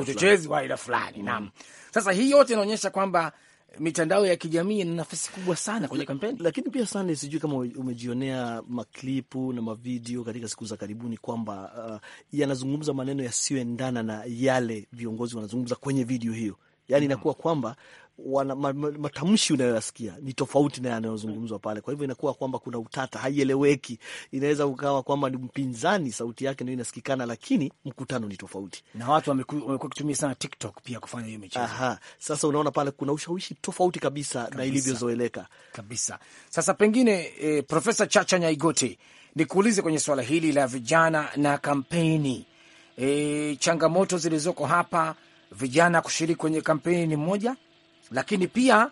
uchochezi wa aina fulani. Naam, mm. sasa hii yote inaonyesha kwamba mitandao ya kijamii ina nafasi kubwa sana kwenye kampeni. Lakini pia sana, sijui kama umejionea maklipu na mavideo katika siku za karibuni kwamba uh, yanazungumza maneno yasiyoendana na yale viongozi wanazungumza kwenye video hiyo, yaani inakuwa mm -hmm. kwamba wana, matamshi unayoyasikia ni tofauti na yanayozungumzwa pale. Kwa hivyo inakuwa kwamba kuna utata, haieleweki. Inaweza ukawa kwamba ni mpinzani, sauti yake ndio inasikikana, lakini mkutano ni tofauti, na watu wamekuwa kitumia sana TikTok pia kufanya hiyo michezo. Aha, sasa unaona pale kuna ushawishi tofauti kabisa, kabisa na ilivyozoeleka kabisa. Sasa pengine eh, Profesa Chacha Nyaigote, nikuulize kwenye swala hili la vijana na kampeni eh, changamoto zilizoko hapa, vijana kushiriki kwenye kampeni ni moja lakini pia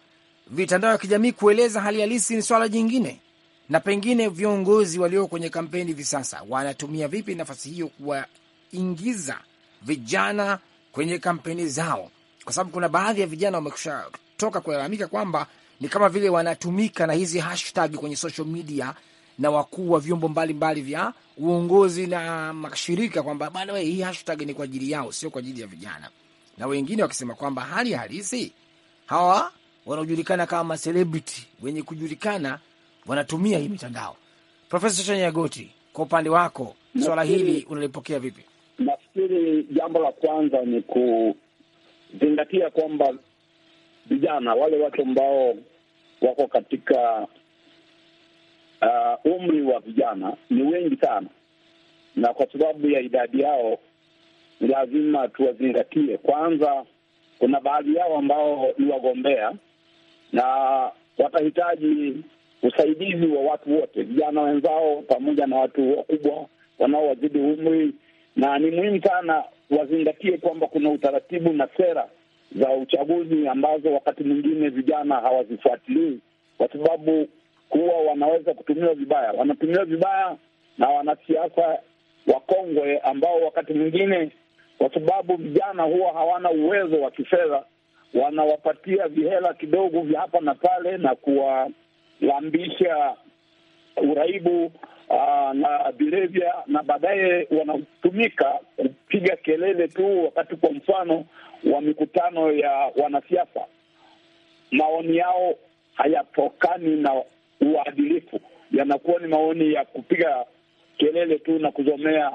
mitandao ya kijamii kueleza hali halisi ni swala jingine, na pengine viongozi walio kwenye kampeni hivi sasa wanatumia vipi nafasi hiyo kuwaingiza vijana kwenye kampeni zao, kwa sababu kuna baadhi ya vijana wamekusha toka kulalamika kwamba ni kama vile wanatumika na hizi hashtag kwenye social media na wakuu wa vyombo mbalimbali vya uongozi na mashirika kwamba bwana, hii hashtag ni kwa ajili yao, sio kwa ajili ya vijana, na wengine wakisema kwamba hali halisi hawa wanaojulikana kama celebrity wenye kujulikana wanatumia hii mitandao. Profesa Shanyagoti, kwa upande wako swala hili unalipokea vipi? Nafikiri jambo la kwanza ni kuzingatia kwamba vijana wale watu ambao wako katika uh, umri wa vijana ni wengi sana, na kwa sababu ya idadi yao ni lazima tuwazingatie kwanza kuna baadhi yao ambao ni wagombea na watahitaji usaidizi wa watu wote, vijana wenzao pamoja na watu wakubwa wanaowazidi umri, na ni muhimu sana wazingatie kwamba kuna utaratibu na sera za uchaguzi ambazo wakati mwingine vijana hawazifuatilii kwa sababu kuwa wanaweza kutumiwa vibaya. Wanatumiwa vibaya na wanasiasa wakongwe ambao wakati mwingine kwa sababu vijana huwa hawana uwezo wa kifedha, wanawapatia vihela kidogo vya hapa na pale na kuwalambisha uraibu ah, na vilevya, na baadaye wanatumika kupiga kelele tu wakati, kwa mfano, wa mikutano ya wanasiasa. Maoni yao hayatokani na uadilifu, yanakuwa ni maoni ya kupiga kelele tu na kuzomea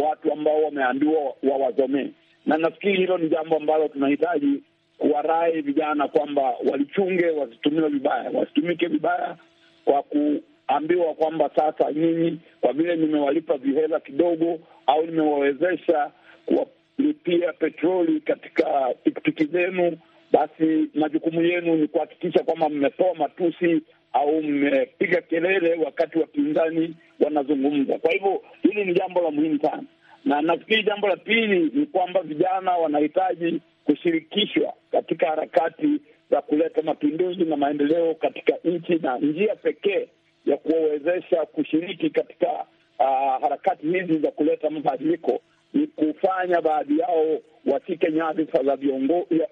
watu ambao wameambiwa wawazomee na nafikiri hilo ni jambo ambalo tunahitaji kuwarai vijana kwamba walichunge, wasitumiwe vibaya, wasitumike vibaya kwa kuambiwa kwamba sasa nyinyi, kwa vile nimewalipa vihela kidogo au nimewawezesha kuwalipia petroli katika pikipiki zenu, basi majukumu yenu ni kuhakikisha kwamba mmetoa matusi au mmepiga kelele wakati wapinzani wanazungumza. Kwa hivyo hili ni jambo la muhimu sana, na nafikiri jambo la pili ni kwamba vijana wanahitaji kushirikishwa katika harakati za kuleta mapinduzi na maendeleo katika nchi, na njia pekee ya kuwawezesha kushiriki katika uh, harakati hizi za kuleta mabadiliko ni kufanya baadhi yao washike nyadhifa za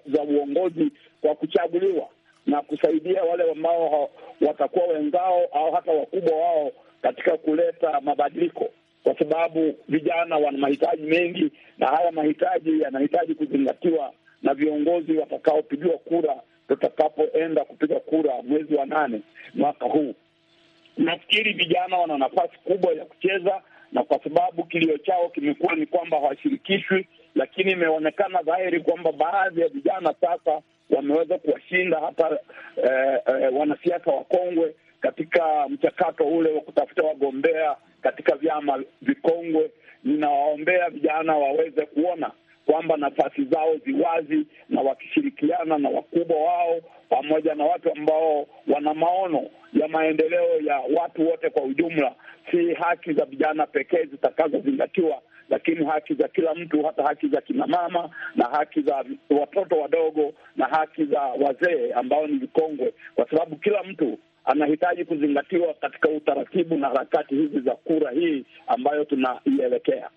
za uongozi kwa kuchaguliwa na kusaidia wale ambao watakuwa wenzao au hata wakubwa wao katika kuleta mabadiliko, kwa sababu vijana wana mahitaji mengi, na haya mahitaji yanahitaji kuzingatiwa na viongozi watakaopigiwa kura tutakapoenda kupiga kura mwezi wa nane mwaka huu. Nafikiri vijana wana nafasi kubwa ya kucheza, na kwa sababu kilio chao kimekuwa ni kwamba hawashirikishwi, lakini imeonekana dhahiri kwamba baadhi ya vijana sasa wameweza kuwashinda hata eh, eh, wanasiasa wakongwe katika mchakato ule wa kutafuta wagombea katika vyama vikongwe. Ninawaombea vijana waweze kuona kwamba nafasi zao ziwazi, na wakishirikiana na wakubwa wao pamoja na watu ambao wana maono ya maendeleo ya watu wote kwa ujumla, si haki za vijana pekee zitakazozingatiwa lakini haki za kila mtu, hata haki za kina mama na haki za watoto wadogo na haki za wazee ambao ni vikongwe, kwa sababu kila mtu anahitaji kuzingatiwa katika utaratibu na harakati hizi za kura hii ambayo tunaielekea.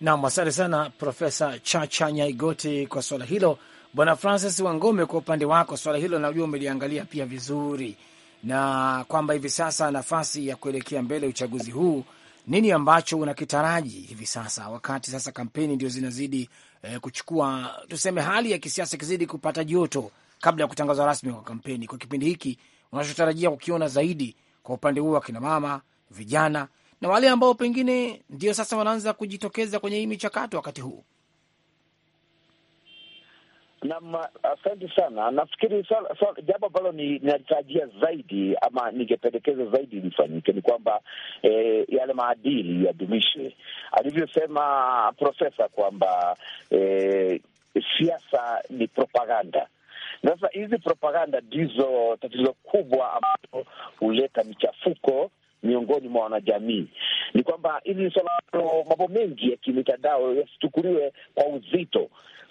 Naam, asante sana Profesa Chacha Nyaigoti kwa suala hilo. Bwana Francis Wangome, kwa upande wako suala hilo najua umeliangalia pia vizuri, na kwamba hivi sasa nafasi ya kuelekea mbele uchaguzi huu, nini ambacho unakitaraji hivi sasa, wakati sasa kampeni ndio zinazidi eh, kuchukua tuseme, hali ya kisiasa ikizidi kupata joto kabla ya kutangazwa rasmi kwa kampeni? Kwa kipindi hiki unachotarajia ukiona zaidi kwa upande huo wa kinamama, vijana na wale ambao pengine ndio sasa wanaanza kujitokeza kwenye hii michakato wakati huu? Naam, asante sana. Nafikiri jambo ambalo ninatarajia zaidi ama ningependekeza zaidi lifanyike ni kwamba eh, yale maadili yadumishwe, alivyosema Profesa kwamba eh, siasa ni propaganda sasa hizi propaganda ndizo tatizo kubwa ambazo huleta michafuko miongoni mwa wanajamii. Ni kwamba hili swala, mambo mengi ya kimitandao yasichukuliwe kwa uzito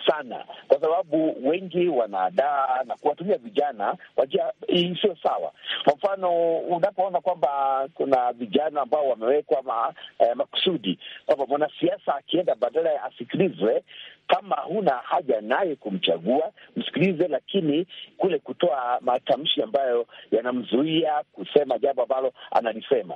sana, kwa sababu wengi wanadaa na kuwatumia vijana kwa njia isiyo sawa. Kwa mfano, unapoona kwamba kuna vijana ambao wamewekwa ma, eh, makusudi kwamba mwanasiasa akienda, badala ya asikilizwe kama huna haja naye kumchagua, msikilize, lakini kule kutoa matamshi ambayo yanamzuia kusema jambo ambalo analisema.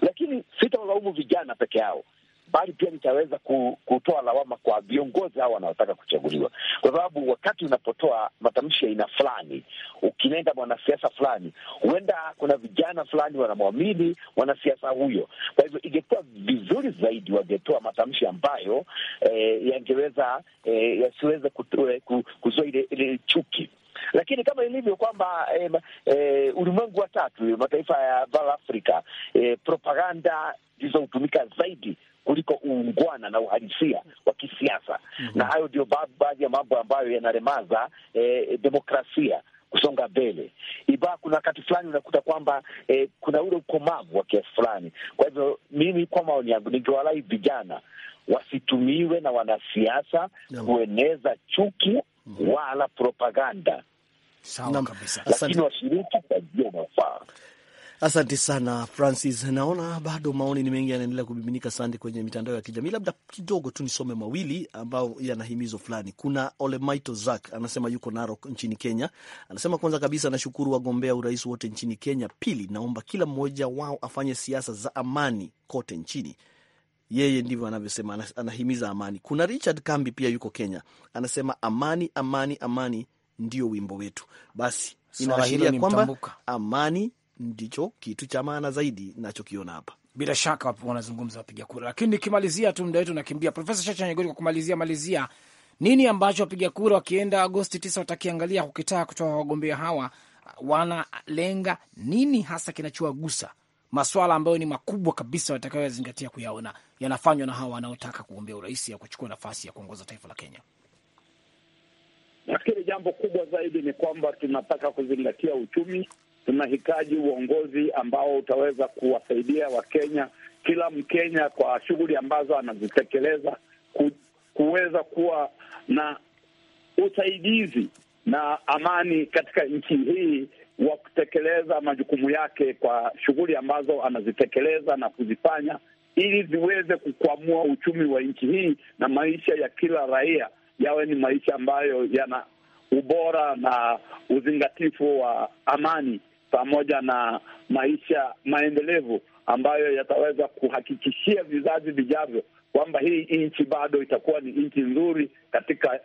Lakini sitalaumu vijana peke yao, bali pia nitaweza kutoa lawama kwa viongozi hao wanaotaka kuchaguliwa, kwa sababu wakati unapotoa matamshi ya aina fulani, ukinenda mwanasiasa fulani, huenda kuna vijana fulani wanamwamini mwanasiasa huyo. Kwa hivyo ingekuwa vizuri zaidi wangetoa matamshi ambayo eh, yangeweza eh, yasiweze eh, kuzoa ile, ile chuki lakini kama ilivyo kwamba e, e, ulimwengu wa tatu mataifa ya bara Afrika propaganda ndizo zaidi kuliko uungwana na uhalisia wa kisiasa mm -hmm. Na hayo ndio baadhi ya mambo ambayo yanaremaza eh, demokrasia kusonga mbele ibaa. Kuna wakati fulani unakuta kwamba eh, kuna ule ukomavu wa kiasi fulani. Kwa hivyo mimi, kwa maoni yangu, ningewarai vijana wasitumiwe na wanasiasa kueneza chuki mm -hmm. wala propaganda. Sawa kabisa, lakini washiriki kwa njia inayofaa. Asante sana Francis, naona bado maoni ni mengi yanaendelea kumiminika sande kwenye mitandao ya kijamii. Labda kidogo tu nisome mawili ambayo yana himizo fulani. Kuna Olemaito Zak anasema yuko Narok nchini Kenya, anasema kwanza kabisa nashukuru wagombea urais wote nchini Kenya. Pili, naomba kila mmoja wao afanye siasa za amani kote nchini yeye ndivyo anavyosema, anahimiza amani. Kuna Richard Kambi pia yuko Kenya, anasema amani, amani, amani ndio wimbo wetu. Basi inaashiria kwamba amani ndicho kitu cha maana zaidi nachokiona hapa. Bila shaka wanazungumza wapiga kura, lakini nikimalizia tu, muda wetu nakimbia. Profesa Chacha Nyegori, kwa kumalizia malizia, nini ambacho wapiga kura wakienda Agosti tisa watakiangalia kukitaa kutoka wagombea hawa? Wanalenga nini hasa kinachowagusa, maswala ambayo ni makubwa kabisa watakayoyazingatia kuyaona yanafanywa na hawa wanaotaka kugombea urais ya kuchukua nafasi ya kuongoza taifa la Kenya? Nafikiri jambo kubwa zaidi ni kwamba tunataka kuzingatia uchumi tunahitaji uongozi ambao utaweza kuwasaidia Wakenya, kila Mkenya kwa shughuli ambazo anazitekeleza ku, kuweza kuwa na usaidizi na amani katika nchi hii wa kutekeleza majukumu yake kwa shughuli ambazo anazitekeleza na kuzifanya ili ziweze kukwamua uchumi wa nchi hii na maisha ya kila raia yawe ni maisha ambayo yana ubora na uzingatifu wa amani pamoja na maisha maendelevu ambayo yataweza kuhakikishia vizazi vijavyo kwamba hii nchi bado itakuwa ni nchi nzuri katika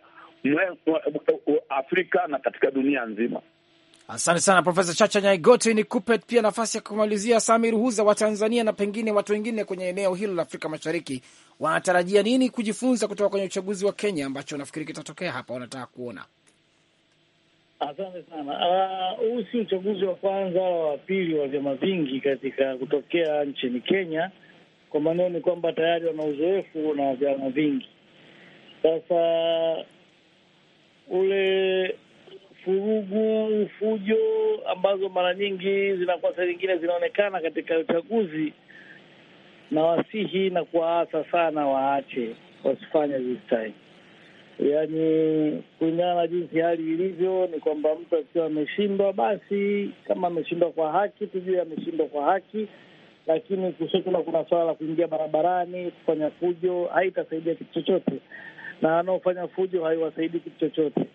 Afrika na katika dunia nzima. Asante sana Profesa Chacha Nyaigoti. Ni kupe pia nafasi ya kumalizia Samir Huza wa Tanzania na pengine watu wengine kwenye eneo hilo la Afrika Mashariki wanatarajia nini kujifunza kutoka kwenye uchaguzi wa Kenya ambacho nafikiri kitatokea hapa, wanataka kuona Asante sana. Ah, huu uh, si uchaguzi wa kwanza wala wa pili wa vyama vingi katika kutokea nchini Kenya. Kwa maneno ni kwamba tayari wana uzoefu na vyama vingi. Sasa ule furugu, fujo ambazo mara nyingi zinakuwa saa nyingine zinaonekana katika uchaguzi, na wasihi na kuwaasa sana waache, wasifanye this time yani kulingana na jinsi hali ilivyo ni kwamba mtu akiwa ameshindwa, basi kama ameshindwa kwa haki, tujue ameshindwa kwa haki, lakini kusokuna kuna swala la kuingia barabarani kufanya fujo, haitasaidia kitu chochote, na anaofanya fujo haiwasaidii kitu chochote.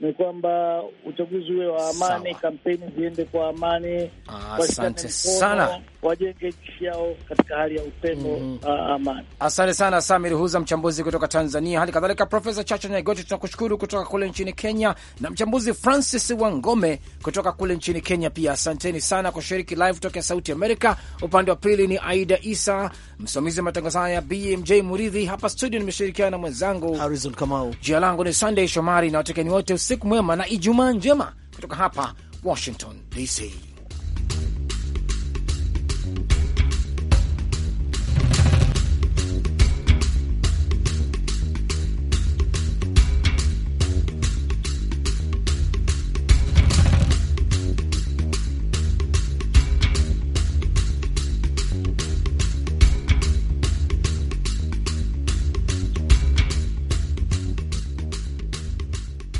Ni kwamba uchaguzi uwe wa amani, kampeni ziende kwa amani. Asante sana wajenge nchi yao katika hali ya upendo mm -hmm. Uh, amani. Asante sana Samir Huza, mchambuzi kutoka Tanzania, hali kadhalika Profesa Chacha Nyaigoti tunakushukuru kutoka kule nchini Kenya, na mchambuzi Francis Wangome kutoka kule nchini Kenya pia. Asanteni sana kushiriki live kutoka Sauti Amerika. Upande wa pili ni Aida Isa, msimamizi wa matangazo haya BMJ Muridhi. Hapa studio nimeshirikiana na mwenzangu Harrison Kamau. Jina langu ni Sunday Shomari na watekeni wote usiku mwema na Ijumaa njema kutoka hapa Washington DC.